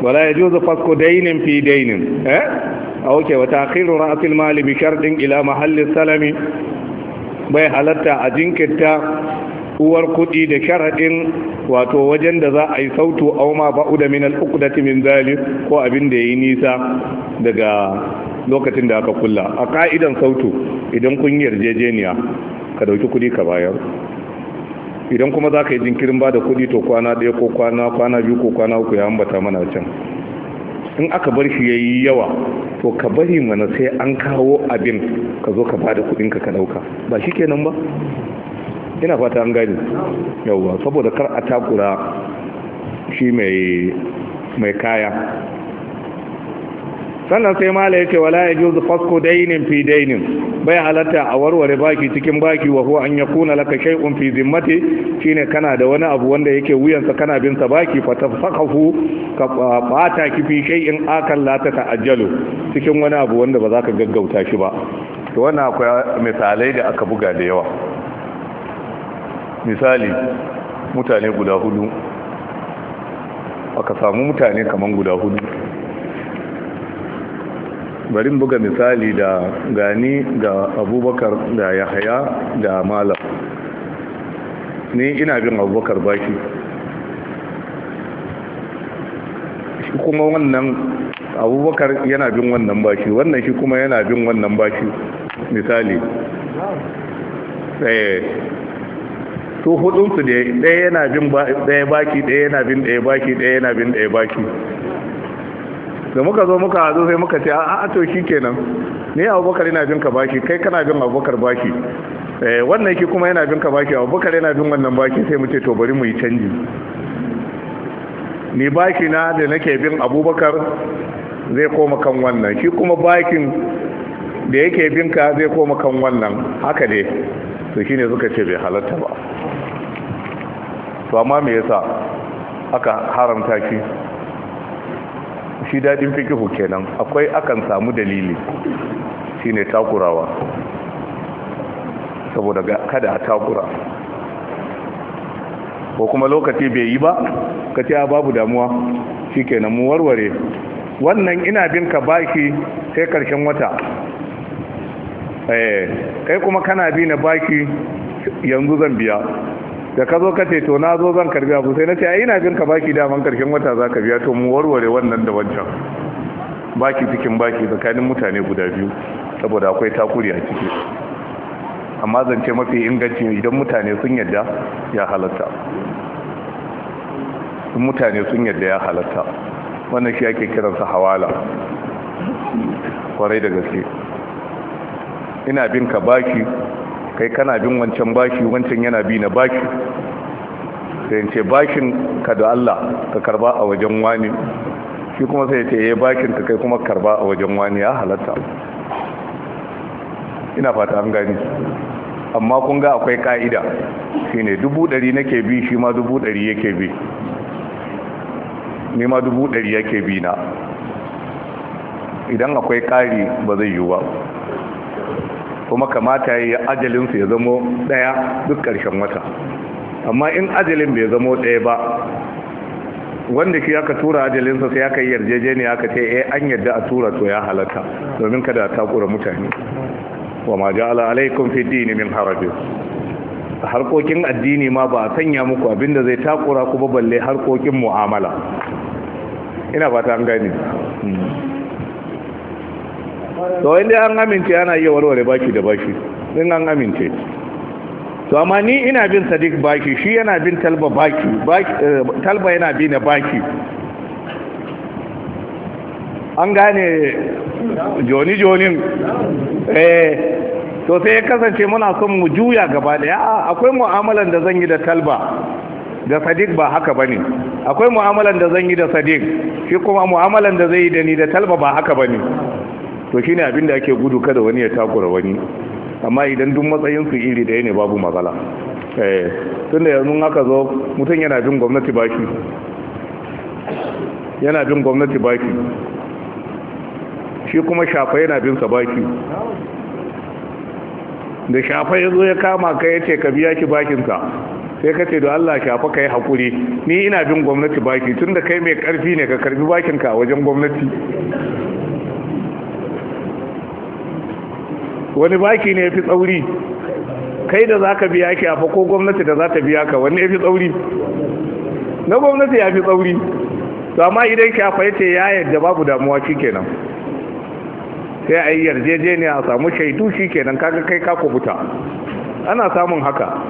wala ya juzu fasko dainin fi dainin eh? a ah, wuke wata akhiru ra'asil mali bi shardin ila mahallin salami bai halatta a jinkirta uwar kuɗi da sharaɗin wato wajen da za a yi sautu au ma ba'u da minal uku uqdati min zalik ko abin da yayi nisa daga lokacin da aka kulla a ka'idan sautu idan kun yarjejeniya ka dauki kuɗi ka bayar idan kuma za ka yi jinkirin ba da kuɗi to kwana ɗaya ko kwana kwana biyu ko kwana uku ya ambata mana can in aka bar shi yayi yawa to ka bari mana sai an kawo abin ka zo ka bada da ka ka dauka ba shikenan ba ina fata an gani yauwa saboda kar a takura shi mai kaya sannan sai mala yake wala ya juzu fasko dainin fi dainin bai halatta a warware baki cikin baki wa huwa an kuna laka shay'un fi zimmati shine kana da wani abu wanda yake wuyansa kana binsa baki fa fakafu ka bata ki fi akan la ta ta'ajjalu cikin wani abu wanda ba za ka gaggauta shi ba to wannan akwai misalai da aka buga da yawa misali mutane guda hudu aka samu mutane kaman guda hudu bari buga misali da gani ga abubakar da yahaya da malam ni ina bin abubakar baki shi kuma wannan abubakar yana bin wannan baki wannan shi kuma yana bin wannan baki misali eh. su hudunsu da ɗaya yana bin ɗaya baki ɗaya yana bin ɗaya baki ɗaya yana bin ɗaya baki da muka zo muka zo sai muka ce a to shi kenan ne abubakar yana bin ka baki kai kana bin abubakar baki eh, wannan ki kuma yana bin ka baki abubakar yana bin wannan baki sai mu ce to bari mu yi canji ni baki na da nake bin abubakar zai koma kan wannan shi kuma bakin da yake binka zai koma kan wannan haka dai to shine suka ce bai halatta ba to amma me yasa aka haramta shi shi dadin fikihu kenan akwai akan samu dalili shine takurawa saboda kada a takura ko kuma lokaci bai yi ba ka ce babu damuwa shikenan mu warware wannan ina bin ka baki sai karshen wata eh kai kuma kana bi na baki yanzu zan biya da ka zo ka ce to na zo zan karbi abu sai na ce ai ina jin ka baki daman karshen wata za ka biya to mu warware wannan da wancan baki cikin baki tsakanin mutane guda biyu saboda akwai takuri a ciki amma zance mafi inganci idan mutane sun yadda ya halatta mutane sun yadda ya halatta wannan shi ake kiransa hawala kwarai da gaske ina bin ka baki kai kana bin wancan bashi wancan yana bi na bashi sai ce bashin ka da Allah ka karba a wajen wani shi kuma sai ce ya eh, bashin ka kai kuma karba a wajen wani ya halatta ina fata an gani amma kun ga akwai ka'ida shine dubu ɗari nake bi shi ma dubu ɗari yake bi ni ma dubu ɗari yake bi na idan akwai ƙari ba zai yiwu ba kuma kamata ya yi ajalinsu ya zamo ɗaya duk ƙarshen wata amma in ajalin bai zamo ɗaya ba wanda shi aka tura ajalinsa sai aka yi yarjejeniya aka ce eh an yadda a tura to ya halatta domin kada a kura mutane wa ma ja'ala alaikum fi dini min harajin harkokin addini ma ba a sanya muku abinda zai takura ku ba balle harkokin mu'amala ina fata an gani. Hmm. to inda an amince ana iya warware baki da baki in an amince to amma ni ina bin sadiq baki shi yana bin talba baki eh, talba yana bi na baki an gane joni jonin eh to sai ya kasance muna son mu juya gaba daya akwai mu'amalan da zan yi da talba da sadiq ba haka bane akwai mu'amalan da zan yi da sadiq shi kuma mu'amalan da zai yi da ni da talba ba haka bane to shine abin da ake gudu kada wani ya takura wani amma idan duk matsayin su iri da ne babu matsala eh tunda yanzu aka zo mutum yana bin gwamnati baki yana bin gwamnati baki shi kuma shafa yana bin sa baki da shafa ya zo ya kama ka ya ce ka biya ki bakinsa sai ka ce da Allah shafa ka yi haƙuri ni ina bin gwamnati baki tun da kai mai ƙarfi ne ka karbi bakinka a wajen gwamnati wani baki ne ya fi tsauri kai da za ka biya ki afa ko gwamnati da za ta biya ka wani ya fi tsauri na gwamnati ya fi tsauri to amma idan ki afa yace ya yarda babu damuwa kenan sai a yi yarjejeniya a samu shaidu kenan kaga kai ka kubuta ana samun haka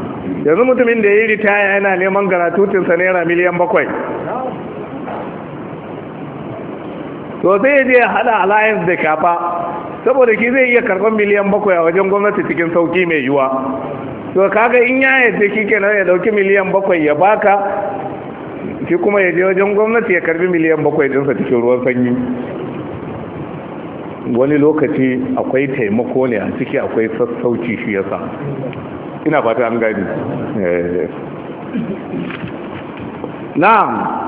yanzu mutumin da ya yi ritaya yana neman garatutinsa naira miliyan bakwai to sai ya je hada alliance da shafa saboda ki zai iya karɓar miliyan bakwai a wajen gwamnati cikin sauki mai yiwa to kaga in ya yadda shi kenan ya dauki miliyan bakwai ya baka shi kuma ya je wajen gwamnati ya karbi miliyan bakwai ɗinsa cikin ruwan sanyi wani lokaci akwai taimako ne a ciki akwai sassauci shi yasa ina fata an gani eh, eh. na'am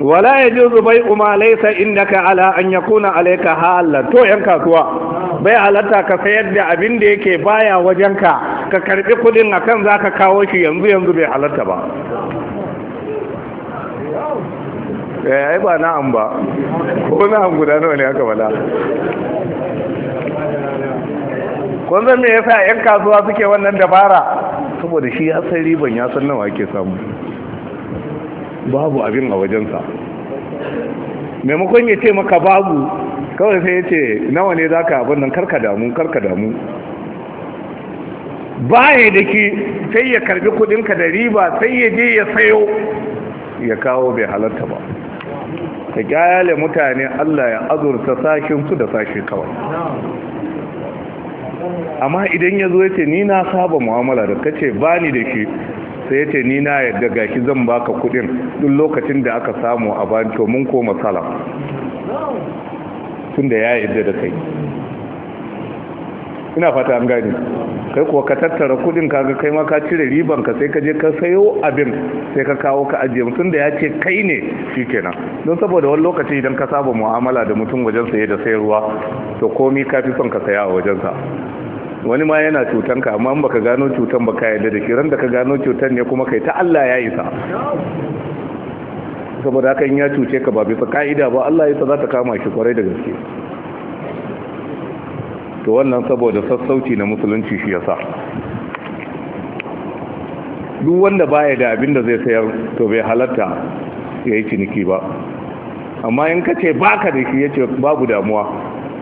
wala ya ji zubai kuma laisa inda ka ala an ya kuna alaika halar to yan kasuwa bai halatta ka sayar da abin da yake baya wajenka ka karbi kudin a kan za ka kawo shi yanzu yanzu bai halatta ba ya eh, ba na'am ba ko na'am guda nawa ne aka bala kun zan me yasa yan kasuwa suke wannan dabara saboda shi ya san riban ya san nawa ake samu babu abin a wajensa maimakon ya ce maka babu kawai sai ya ce nawa ne za ka abin nan karka damu karka damu baya da ke sai ya karbi kudinka da riba sai ya je ya sayo ya kawo bai halarta ba ka kyale mutane Allah ya azurta sashen su da sashe kawai amma idan ya zo ya ce ni na saba mu'amala da kace bani da shi sai ce ni na yadda gashi zan baka kudin duk lokacin da aka samu a bayan to mun koma salam tunda ya yadda da kai ina fata an gani kai kuwa ka tattara kudin kaga kai ma ka cire riban ka sai ka je ka sayo abin sai ka kawo ka ajiye mutum da ya ce kai ne shi nan don saboda wani lokaci idan ka saba mu'amala da mutum wajen saye da sayarwa to komi ka fi son ka saya a wajensa wani ma yana cutan ka amma baka gano cutan baka yarda da kiran da ka gano cutan ne kuma kai ta Allah ya isa saboda haka ya cuce ka ba bisa ka'ida ba Allah ya za ta kama shi kwarai da gaske to wannan saboda sassauci na musulunci shi yasa duk wanda baya da abin da zai sayar to bai halatta ya yi ciniki ba amma in ka ce baka da shi ya ce babu damuwa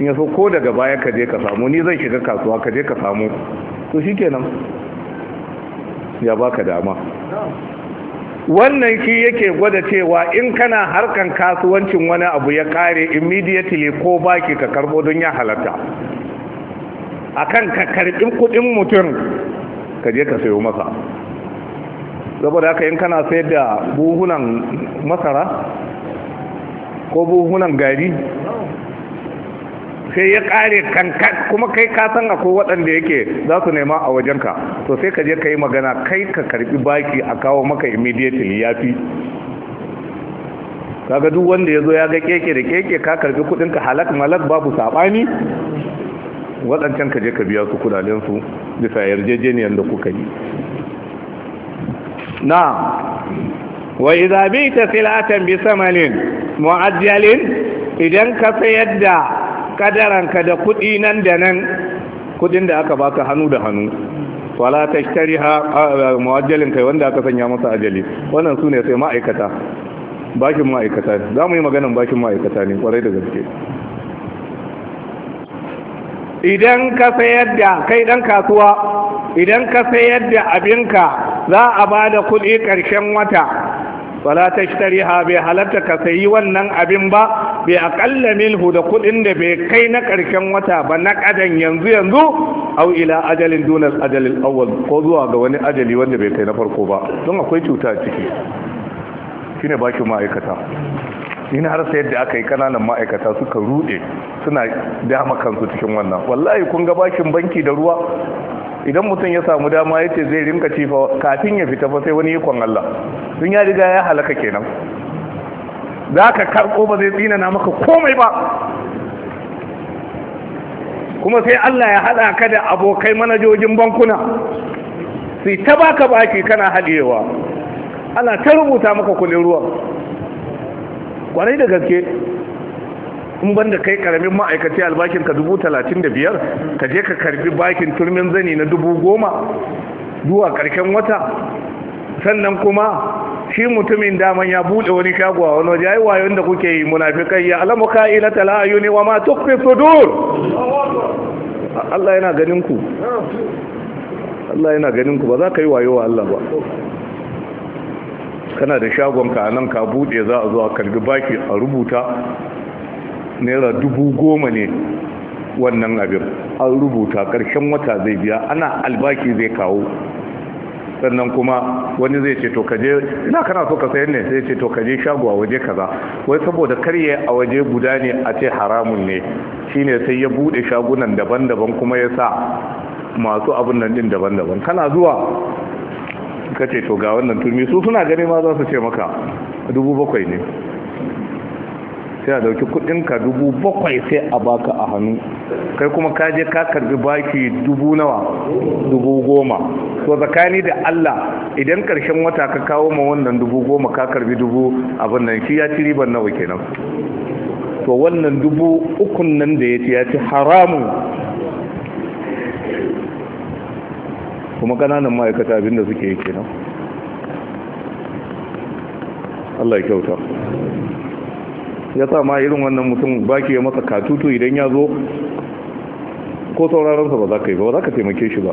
in so ko daga baya ka je ka samu ni zai shiga kasuwa ka je ka samu to shikenan ya baka dama wannan shi yake gwada cewa in kana harkan kasuwancin wani abu ya kare immediately ko baki ka karbo don ya halatta akan ka karbi kudin mutum ka je ka sayo masa saboda haka in kana sayar da buhunan masara ko buhunan gari sai ya kare kankan kuma kai ka san akwai waɗanda yake za su nema a wajenka to sai ka je ka yi magana kai ka karbi baki a kawo maka immediately ya fi kaga duk wanda ya zo ya ga keke da keke ka karbi ka halak malak babu saɓani waɗancan ka je ka biya su su bisa yarjejeniyar da kuka yi na wa idza ta silatan bi samalin mu'ajjalin idan ka sayar da kadaranka da kuɗi nan da nan kuɗin da aka baka hannu da hannu wala ta shari ha muwajjalin kai wanda aka sanya masa ajali wannan su ne sai ma'aikata bashin ma'aikata za mu yi maganin bashin ma'aikata ne kwarai da gaske idan ka sayar da kai dan kasuwa idan ka sayar da abinka za a ba da kuɗi ƙarshen wata wala ta shari ha bai halatta ka sayi wannan abin ba bi aƙalla minhu da kudin da bai kai na karshen wata ba na kadan yanzu yanzu au ila ajalin dunas ajalin awwal ko zuwa ga wani ajali wanda bai kai na farko ba don akwai cuta ciki shine bakin ma'aikata Ina har sai yadda aka yi kananan ma'aikata suka rude suna dama kansu cikin wannan wallahi kun ga bakin banki da ruwa idan mutum ya samu dama ya ce zai rinka cifa kafin ya fita fa sai wani ikon Allah sun ya riga ya halaka kenan za ka karɓo ba zai tsina na maka komai ba kuma sai Allah ya haɗa ka da abokai manajojin bankuna sai ta baka baki kana haɗewa ana ta rubuta maka kuɗin ruwa kwarai da gaske in ban da kai karamin ma'aikaci albashin ka dubu talatin da biyar ka je ka karbi bakin turmin zani na dubu goma zuwa ƙarshen wata sannan kuma shi mutumin daman ya bude wani shago a wani waje ai wayon da kuke yi munafikai ya alamu ka'ilata la ayuni wa ma tukhfi sudur Allah yana ganin ku Allah yana ganin ku ba za ka yi wayo wa Allah ba kana da shagon ka nan ka bude za a zo a kalbi baki a rubuta naira dubu goma ne wannan abin an rubuta ƙarshen wata zai biya ana albaki zai kawo sannan kuma wani zai ce to kaje ina kana so ka sayar ne sai ce to kaje shago a waje kaza wai saboda karye a waje guda ne a ce haramun ne shine sai ya bude shagunan daban-daban kuma ya sa masu abun nan din daban-daban kana zuwa ka ce to ga wannan turmi su suna gani ma za su ce maka dubu bakwai ne sai a dauki kudinka dubu bakwai sai a baka a hannu kai kuma ka je ka karbi baki dubu nawa dubu goma to tsakani da Allah idan karshen wata ka kawo ma wannan dubu goma ka karbi dubu abin nan shi ya ci riban nawa kenan to wannan dubu ukun nan da ya ci ya ci haramun kuma kananan ma'aikata abinda suke yi kenan Allah ya kyauta ya sa ma irin wannan mutum baki ya masa katutu idan ya zo ko sauraronsa ba za ka yi ba za ka taimake shi ba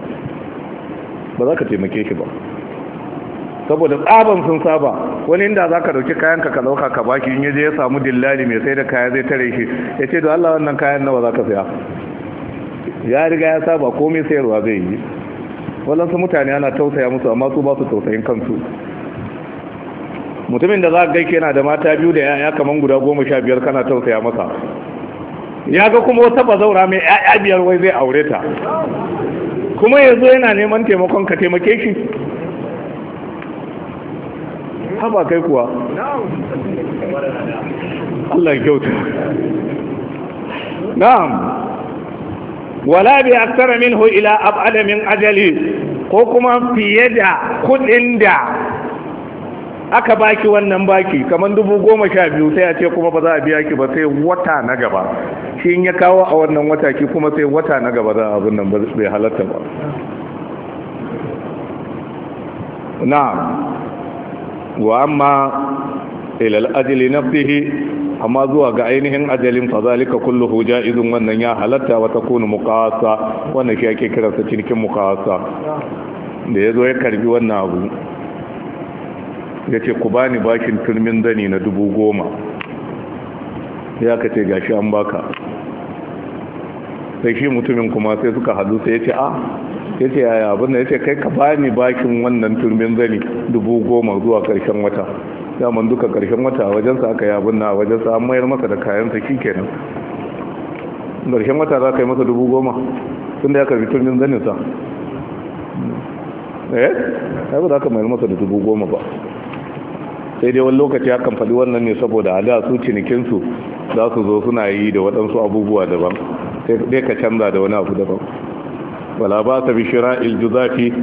ba za ka taimake shi ba saboda tsaban sun saba wani inda za ka dauki kayanka ka dauka ka baki in yaje ya samu dillali mai sai da kaya zai tare shi ya ce da Allah wannan kayan nawa za ka saya ya riga ya saba komai sayarwa zai yi wallansu mutane ana tausaya musu amma su ba su tausayin kansu mutumin da za ka gaike yana da mata biyu da yaya kamar guda goma sha biyar kana tausaya masa ya ga kuma wata bazaura mai yaya biyar wai zai aure ta kuma yanzu yana neman taimakon ka taimake shi haba kai kuwa Allah kyauta na'am wala bi aksara minhu ila ab'ada min ajali ko kuma fiye da kudin da aka baki wannan baki kamar dubu goma sha biyu sai a ce kuma ba za a biya ki ba sai wata na gaba shi in ya kawo a wannan wata ki kuma sai wata na gaba za a abin nan bai halatta ba Na, wa amma ilal ajli nafsihi amma zuwa ga ainihin ajalin fa zalika kulluhu ja'izun wannan ya halatta wa takunu muqasa wannan shi ake kiransa cikin muqasa da yazo ya karbi wannan abu ya ce ku bani bakin turmin zani na dubu goma ya ka ce gashi an baka sai shi mutumin kuma sai suka hadu sai ya ce a ah. ya ce yaya abinda ya ce kai ka bani bakin wannan turmin zani dubu goma zuwa karshen wata daman duka karshen wata wajensa aka yi abin na wajensa an mayar masa da kayansa shi kenan karshen wata za ka yi masa dubu goma tun da ya karbi turmin zaninsa eh? ya ba za ka mayar masa da dubu goma ba sai dai wani lokaci hakan faɗi wannan ne saboda a da su cinikinsu za su zo suna yi da waɗansu abubuwa daban sai dai ka canza da wani abu daban wala ba ta bishira zafi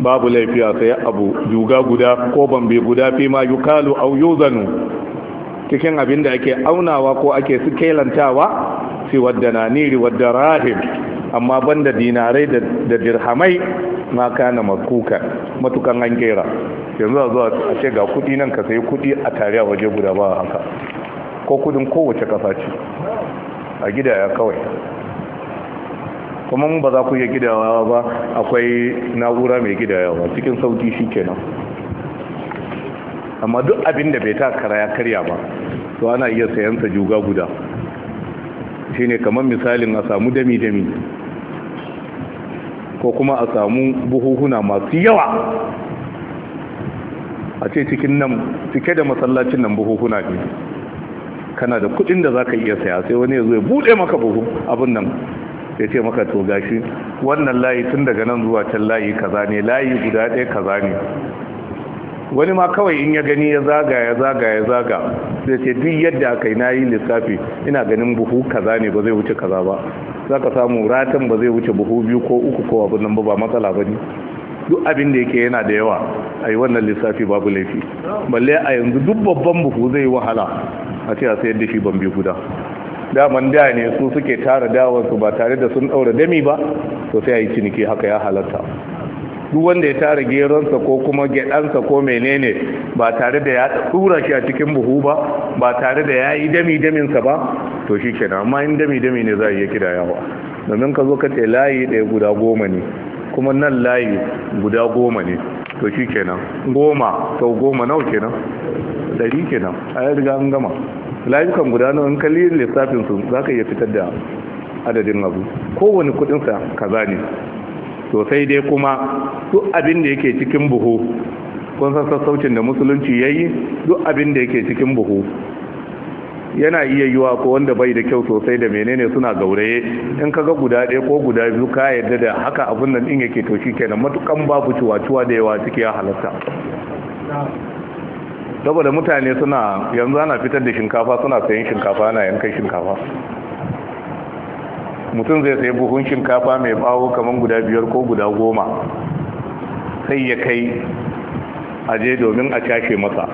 babu laifiya sai abu juga guda ko bambe guda fi ma yukalu au yuzanu cikin abin da ake aunawa ko ake su kelantawa fi wadda na niri wadda rahim amma banda dinarai da dirhamai ma kana makuka matukan an kera yanzu a zuwa a ce ga kudi nan ka sayi kudi a tare a waje guda ba haka ko kudin kowace kasa ce a gidaya kawai kuma ba za ku iya yawa ba akwai na'ura mai yawa. cikin sauki shi kenan amma duk abin da bai ta ya karya ba to ana iya sa juga guda shine kamar misalin a samu dami-dami ko kuma a samu buhuhuna masu yawa a ce cikin nan cike da masallacin nan buhuhuna ne kana da kudin da zaka iya saya sai wani ya zo ya bude maka buhu abin nan ya ce maka to gashi wannan layi tun daga nan zuwa can layi kaza ne layi guda ɗaya kaza ne wani ma kawai in ya gani ya zaga ya zaga ya zaga zai ce duk yadda aka yi nayi lissafi ina ganin buhu kaza ne ba zai wuce kaza ba za ka samu ratan ba zai wuce buhu biyu ko uku ko abin nan ba matsala ba ne duk abin da yake yana da yawa a yi wannan lissafi babu laifi balle a yanzu duk babban buhu zai wahala a ce a sayar da shi ban bi guda daman da ne su suke tara dawansu ba tare da sun daura dami ba to sai a yi ciniki haka ya halatta duk wanda ya tara geronsa ko kuma gyadansa ko menene ba tare da ya tsura shi a cikin buhu ba ba tare da ya yi dami daminsa ba to shi kenan amma in dami dami ne za a iya kidayawa domin ka zo ka ce layi ɗaya guda goma ne kuma nan layi guda goma ne to shi kenan goma sau goma nau kenan dari kenan a yi riga an gama layukan guda nau in kalli lissafinsu za ka iya fitar da adadin abu kowane kuɗinsa kaza ne sosai dai kuma duk abin da yake cikin buhu kun san sassaucin da musulunci ya yi duk abin da yake cikin buhu yana iya yiwa ko wanda bai da kyau sosai da menene suna gauraye in ka ga guda ɗaya ko guda biyu ka yarda da haka abin nan ɗin yake to kenan matukan babu cuwa-cuwa da yawa ciki ya halatta saboda mutane suna yanzu ana fitar da shinkafa suna sayan shinkafa ana yankan shinkafa mutum zai sai buhun shinkafa mai bawo kamar guda biyar ko guda goma sai ya kai aje domin a cashe masa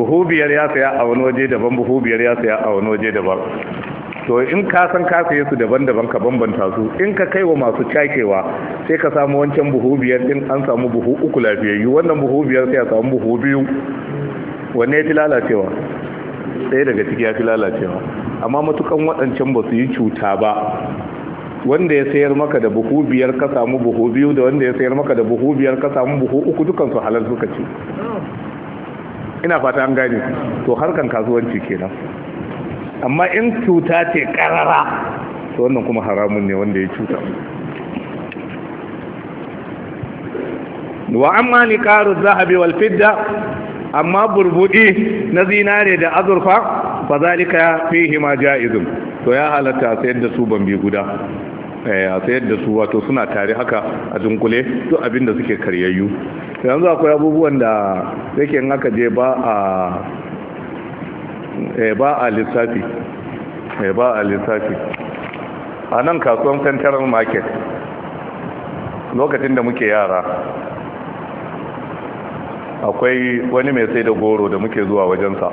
buhu biyar ya saya a wani waje daban buhu biyar ya saya a wani waje daban to in ka san ka saye su daban-daban ka bambanta su in ka kai wa masu cakewa sai ka samu wancan buhu biyar din an samu buhu uku lafiyayyu wannan buhu biyar sai a samu buhu biyu wanne ya fi lalacewa ɗaya daga ciki ya fi lalacewa amma matukan waɗancan ba su yi cuta ba wanda ya sayar maka da buhu biyar ka samu buhu biyu da wanda ya sayar maka da buhu biyar ka samu buhu uku dukansu halal suka ce ina fata an gane to harkan kasuwanci kenan amma in cuta ce karara to wannan kuma haramun ne wanda ya cuta wa amma ni karu zahabi wal fidda amma burbudi na zinare da azurfa ba zalika fihi ma jaizun to ya halatta a sayar da su bambi guda eh, a sayar da su wato suna tare haka a dunkule duk abin da suke karyayyu yanzu akwai abubuwan da yake in aka je ba a eh, ba a lissafi eh, ba a lissafi a nan kasuwan central market lokacin da muke yara akwai wani mai sai da goro da muke zuwa wajensa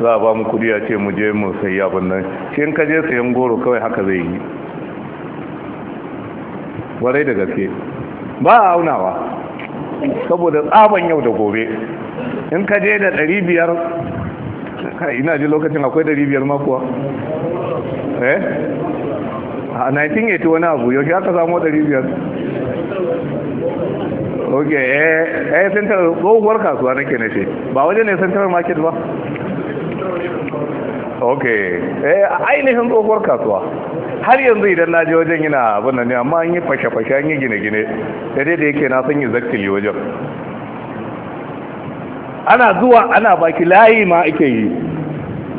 za a ba mu kudi a ce mu je mu sai abin nan shi in ka je sayan goro kawai haka zai yi warai da gaske ba a aunawa saboda tsaban yau da gobe in ka je da ɗari biyar ina ji lokacin akwai ɗari biyar makuwa eh a 1980 wani abu yau shi aka samu ɗari biyar ok eh, eh central tsohuwar kasuwa nake na ce ba waje ne central market ba ok eh ainihin tsohuwar kasuwa har yanzu idan na je wajen yana abin nan ne amma an yi fashe-fashe an yi gine-gine da dai da yake na san yi zaktili wajen ana zuwa ana baki layi ma ake yi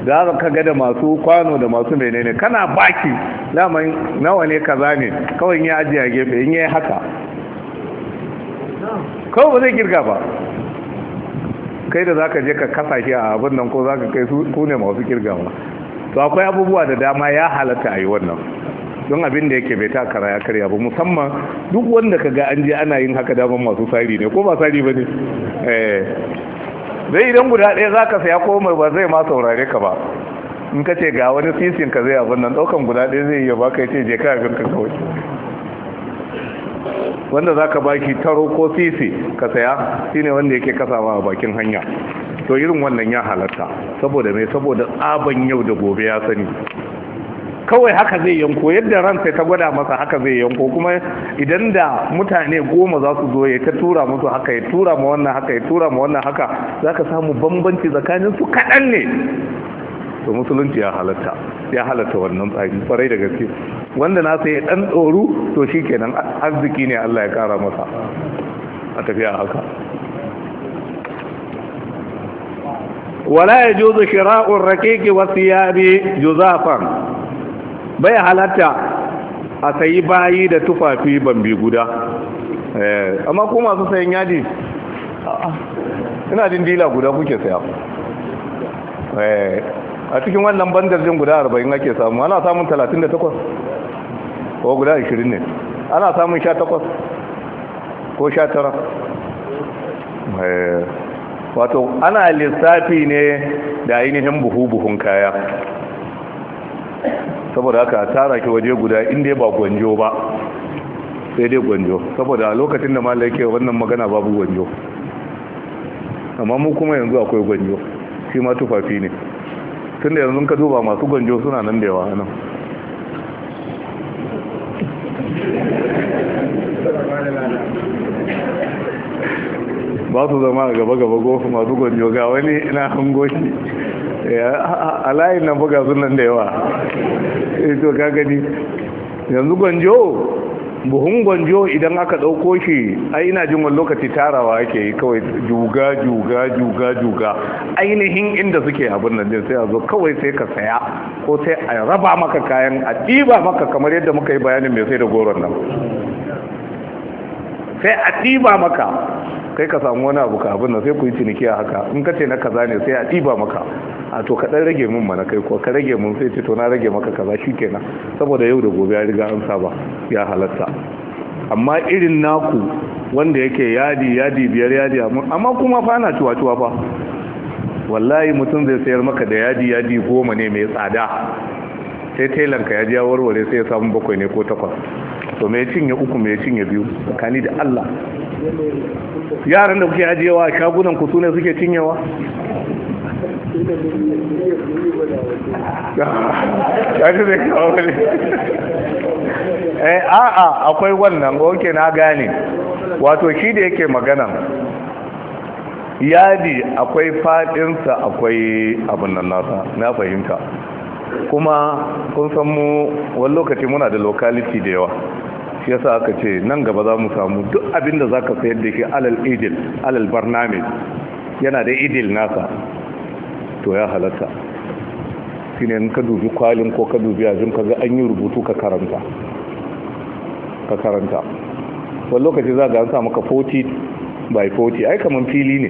da ka ga da masu kwano da masu menene kana baki dama nawa ne kaza ne kawai ya ajiye a gefe in yi haka kawai ba zai girka ba kai da zaka je ka kasa shi a abin nan ko zaka kai su ne masu ba to akwai abubuwa da dama ya halatta a yi wannan don abin da yake bai takara ya karya ba musamman duk wanda ka ga an je ana yin haka daman masu sari ne ko ba sari ba ne zai eh. idan guda ɗaya za ka saya komai ba zai ma saurare ka ba in ka ce ga wani sisin ka zai abin nan ɗaukan guda ɗaya zai yi ya baka ya ce je ya abin ka kawai wanda za ka baki taro ko sisi ka saya shine wanda yake kasawa a bakin hanya to irin wannan ya halatta saboda mai saboda tsaban yau da gobe ya sani kawai haka zai yanko yadda ransa ta gwada masa haka zai yanko kuma idan da mutane goma za su zo ya ta tura musu haka ya tura ma wannan haka ya tura ma wannan haka za ka samu bambanci tsakanin su kaɗan ne to musulunci ya halatta ya halatta wannan tsari farai da gaske wanda na sai dan tsoro to shikenan arziki ne Allah ya kara masa a tafiya haka wala yajuzu shira'u ar-raqiqi wa thiyabi juzafan bai halatta a sayi bayi da tufafi bambi guda eh, amma ko masu sayan yadi ina jin dila guda kuke saya eh, a cikin wannan bandarjin guda 40 ake samu ana samun 38 ko guda 20 ne ana samun 18 ko 19 eh, wato ana lissafi ne da ainihin buhu-buhun kaya saboda aka tara ki waje guda inda ba gwanjo ba sai dai gwanjo saboda a lokacin da mala yake wannan magana babu gwanjo amma mu kuma yanzu akwai gwanjo shi ma tufafi ne tun da yanzu ka duba masu gwanjo suna nan da yawa nan ba su zama a gaba-gaba gofu masu gwanjo ga wani ina hango shi eh, a layin nan buga sunan da yawa eh, to ka gani yanzu gwanjo buhun gwanjo idan aka ɗauko shi ai ina jin wani lokaci tarawa ake yi kawai juga juga juga juga ainihin inda suke abin nan din sai a zo kawai sai ka saya ko sai a raba maka kayan a ɗiba maka kamar yadda muka yi bayanin mai sai da goron nan sai a ɗiba maka kai ka samu wani abu ka na da sai ku yi ciniki a haka in ka ce na kaza ne sai a ɗiba maka a to kaɗan rage min mana kai ko ka rage min sai ce to na rage maka kaza shi kenan saboda yau da gobe ya riga an saba ya halatta amma irin naku wanda yake yadi yadi biyar yadi amma kuma fa na cuwa-cuwa fa wallahi mutum zai sayar maka da yadi yadi goma ne mai tsada sai tailanka ya ya warware sai ya samu bakwai ne ko takwas to mai cinye uku mai cinye biyu tsakani da Allah yaran da kuke ajiyewa a shagunan ku sune suke cinyewa eh, a'a akwai wannan oke na gane wato shi da yake magana yadi akwai fadinsa akwai abin nan nasa na fahimta kuma kun san mu wani lokaci muna da lokaliti da yawa shi yasa aka ce nan gaba za mu samu duk abinda za ka sayar da ke alal idil alal barnamij yana da idil nasa to ya halatta shi ne ka dubi kwalin ko ka dubi yajin ka ga an yi rubutu ka karanta ka karanta wani lokaci za ga an sa maka 40 by 40 ai kamar fili ne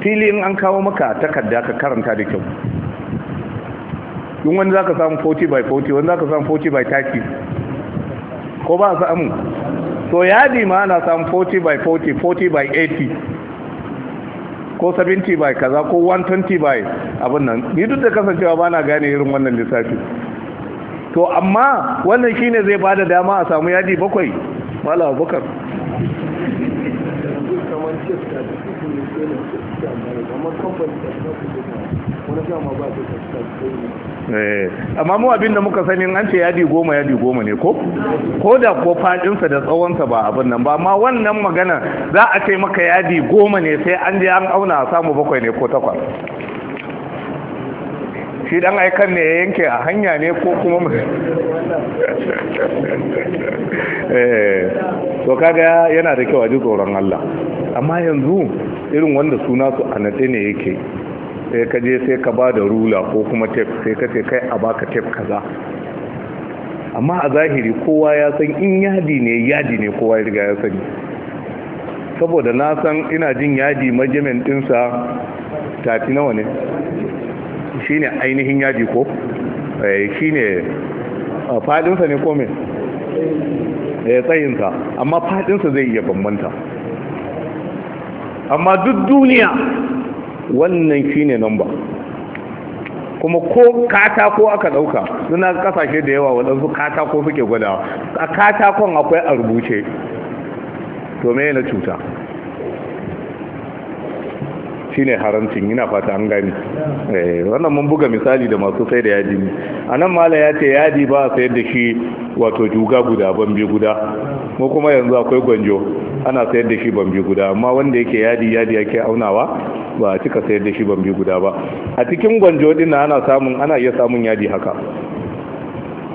fili in an kawo maka takarda ka karanta da kyau yin wani za ka samu 40 by 40 wani za ka samu 40 by 30 ko ba samu to yadi ma ana samu 40 by 40 40 by 80 ko 70 by kaza ko 120 by abin nan ni duk da kasancewa ba na gane irin wannan lissafi to amma wannan shine zai ba da dama a samu yadi bakwai mala abubakar Eh, amma mu abinda muka sani an ce yadi goma yadi goma ne ko ko da ko fadinsa da tsawonsa ba abin nan ba amma wannan magana za a ce maka yadi goma ne sai an je an auna a samu bakwai ne ko takwas shi dan aikan ne ya yanke a hanya ne ko kuma eh, to kaga yana da kyau a ji tsoron Allah amma yanzu irin wanda suna su a natse ne yake sai ka je sai ka ba da rula ko kuma tef sai ka ce kai a baka tef kaza amma a zahiri kowa ya san in yadi ne yadi ne kowa ya riga ya sani saboda na san ina jin yadi majimin dinsa tafi nawa ne shi ne ainihin yadi ko eh, shi ne fadinsa ne kome ya eh, tsayinsa amma fadinsa zai iya bambanta amma duk duniya wannan shine namba kuma ko katako aka dauka suna kasashe da yawa waɗansu katako suke gwada a katakon akwai a rubuce to mai na cuta shine haramcin ina fata an gani eh, wannan mun buga misali da masu sai da yadi ne anan mala ya ce yadi ba sayar da shi wato juga guda bambi guda mu kuma yanzu akwai gwanjo ana sayar da shi bambi guda amma wanda yake yadi yadi yake aunawa ba a cika sayar da shi bambi guda ba a cikin gwanjo din ana samun ana iya samun yadi haka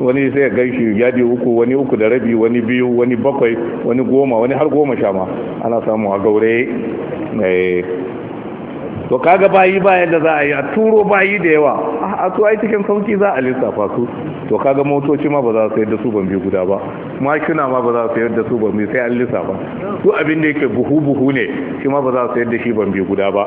wani sai ya yadi uku wani uku da rabi wani biyu wani bakwai wani goma wani har goma sha ma ana samu a gaure eh, to kaga bayi ba yadda za a yi a turo bayi da yawa a su ai cikin sauki za a lissafa su to kaga motoci ma ba za su yadda su ban bi guda ba makina ma ba za su yadda su ban bi sai an lissafa su abin da yake buhu buhu ne shi ma ba za su yadda shi ban bi guda ba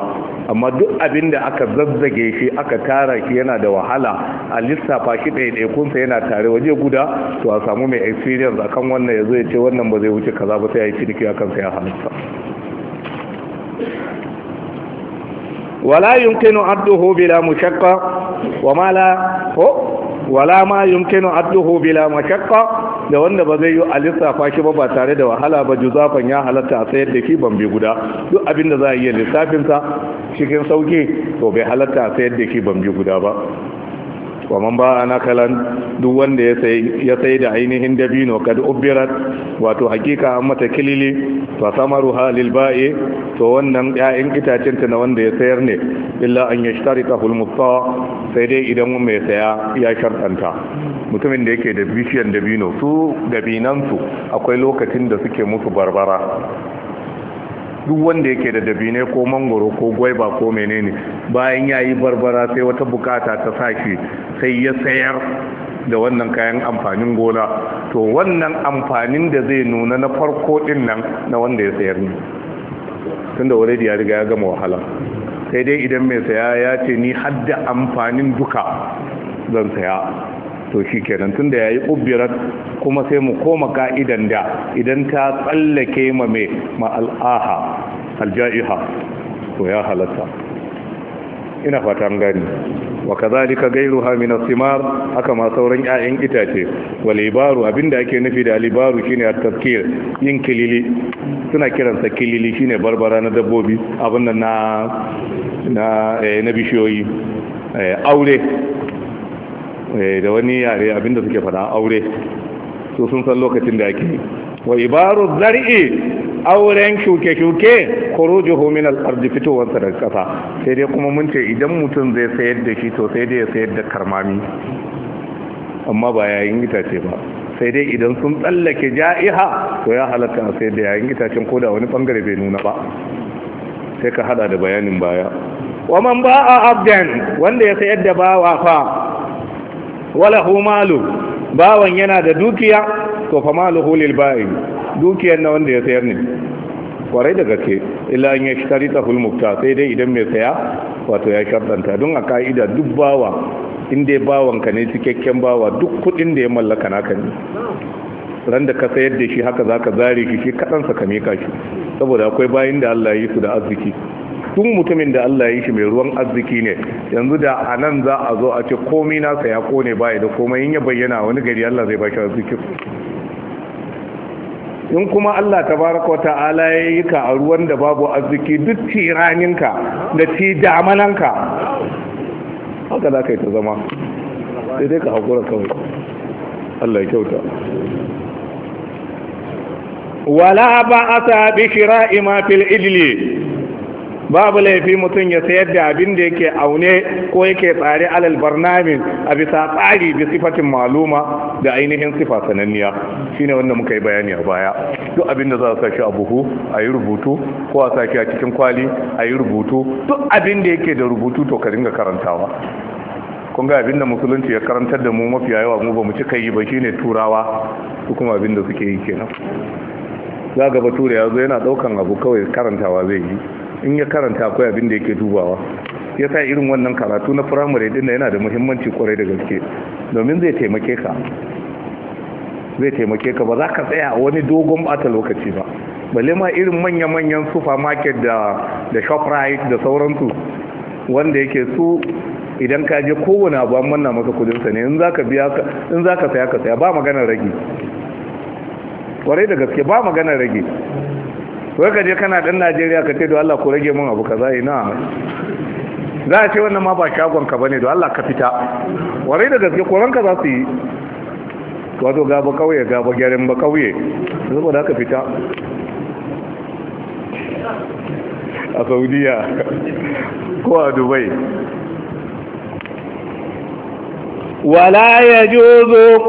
amma duk abin da aka zazzage shi aka tara shi yana da wahala a lissafa shi kunsa yana tare waje guda to a samu mai experience akan wannan ya zo ya ce wannan ba zai wuce kaza ba sai ya yi ciniki akan sai ya halitta wala yumkinu adduhu bila ma la da wanda ba zai yi a lissafa shi ba ba tare da wahala ba juzafan ya halatta a sayar da shi ban bi guda duk abin da za a iya lissafin sa cikin sauki to bai halatta a sayar da shi ban bi guda ba wa man ba ana kalan duk wanda ya sai ya sai da ainihin dabino kad ubirat wato hakika an mata kilili fa samaru halil ba'i to wannan ya'in itacen ta na wanda ya sayar ne illa an yashtarita hul mutta sai dai idan mai saya ya shartanta mutumin da yake da bishiyan dabino su su akwai lokacin da suke musu barbara duk wanda yake da dabine ko mangoro ko gwaiba ko menene bayan ya yi barbara sai wata bukata ta sake sai ya sayar da wannan kayan amfanin gona to wannan amfanin da zai nuna na farko din nan na wanda ya sayar ne tunda already ya riga ya gama wahala sai dai idan mai saya ya ce ni hadda amfanin duka zan saya to shi kenan tunda ya yi ƙubbirar kuma sai mu koma ka'idan da idan ta tsallake ma mai ma'al'aha alja'iha to ya halatta ina fatan gani wa kazalika gairuha min as-simar haka ma sauran 'ya'yan itace wal ibaru abinda ake nufi da libaru shine at-tazkir yin kilili suna kiran sa kilili shine barbara na dabbobi abin nan na na eh, na bishiyoyi eh, aure eh, da wani yare abinda suke fada aure To sun san lokacin da ake wa ibaru zari'i auren shuke-shuke khurujuhu min al-ardi fitowar daga kasa sai dai kuma mun ce idan mutum zai sayar da shi to sai dai ya sayar da karmami amma ba yayin itace ba sai dai idan sun tsallake ja'iha to ya halatta a sayar da yayin itacen ko da wani bangare bai nuna ba sai ka hada da bayanin baya wa man ba'a abdan wanda ya sayar da bawa fa wala malu bawan yana da dukiya to fa maluhu lil ba'i dukiyar na wanda ya sayar ne kwarai da gaske illa an ya shitari tsahul mukta sai dai idan mai saya wato ya shardanta don a ka'ida duk bawa inda ya bawan bawanka ne cikakken bawa duk kudin da ya mallaka naka ne ran da ka sayar da shi haka zaka zare shi shi kaɗansa ka meka shi saboda akwai bayan da Allah ya yi su da arziki Tun mutumin da Allah ya yi shi mai ruwan arziki ne yanzu da a nan za a zo a ce komai nasa ya kone baya da komai in ya bayyana wani gari Allah zai baki arziki in kuma Allah wata ala ya yi ka a ruwan da babu arziki duk tiraninka da ti damananka haka za ka yi ta zama sai dai ka haƙura kawai Allah ya kyauta wala ba a sa bishira ima fil Idli. babu laifi mutum ya sayar da abin da yake aune ko yake tsari alal barnamin a bisa tsari da sifatin maluma da ainihin sifa sananniya shine wanda muka yi bayani a baya duk abin da za a sashi a buhu a yi rubutu ko a sashi a cikin kwali a yi rubutu duk abin da yake da rubutu to ka dinga karantawa kun ga abin da musulunci ya karantar da mu mafi yawa mu ba mu cika yi ba shine turawa su kuma abin da suke yi kenan za ga bature ya zo yana daukan abu kawai karantawa zai yi in ya karanta akwai abin da yake dubawa ya sa irin wannan karatu na firamare din yana da muhimmanci kwarai da gaske domin zai taimake ka zai taimake ka ba za ka tsaya a wani dogon bata lokaci ba balle ma irin manya-manyan supermarket da da shoprite da sauransu wanda yake su idan ka je kowane abu an manna maka kudinsa ne in za ka biya in za saya ka saya ba maganar rage kwarai da gaske ba maganar rage wai ka je kana dan Najeriya ka ce da Allah ko rage mun abu ka za ina za a ce wannan ma ba shagon ka bane da Allah ka fita warai da gaske koran ka za su yi wato gaba kauye gaba gyaran ba kauye saboda haka fita a saudiya ko a dubai wala ya juzo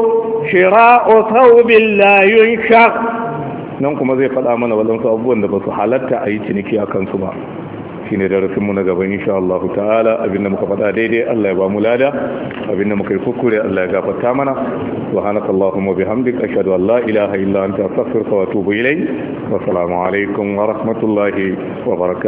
shira'u saubin layun shak nan kuma zai faɗa mana waɗansu abubuwan da ba su halatta a yi ciniki a kansu ba shi ne darasinmu na gaban insha Allah ta'ala abinda muka faɗa daidai Allah ya ba mu lada abinda muka yi kukure Allah ya gafarta mana subhanaka allahumma bihamdika ashhadu an la ilaha illa anta astaghfiruka wa atubu ilayk wa assalamu alaikum wa rahmatullahi wa barakatuh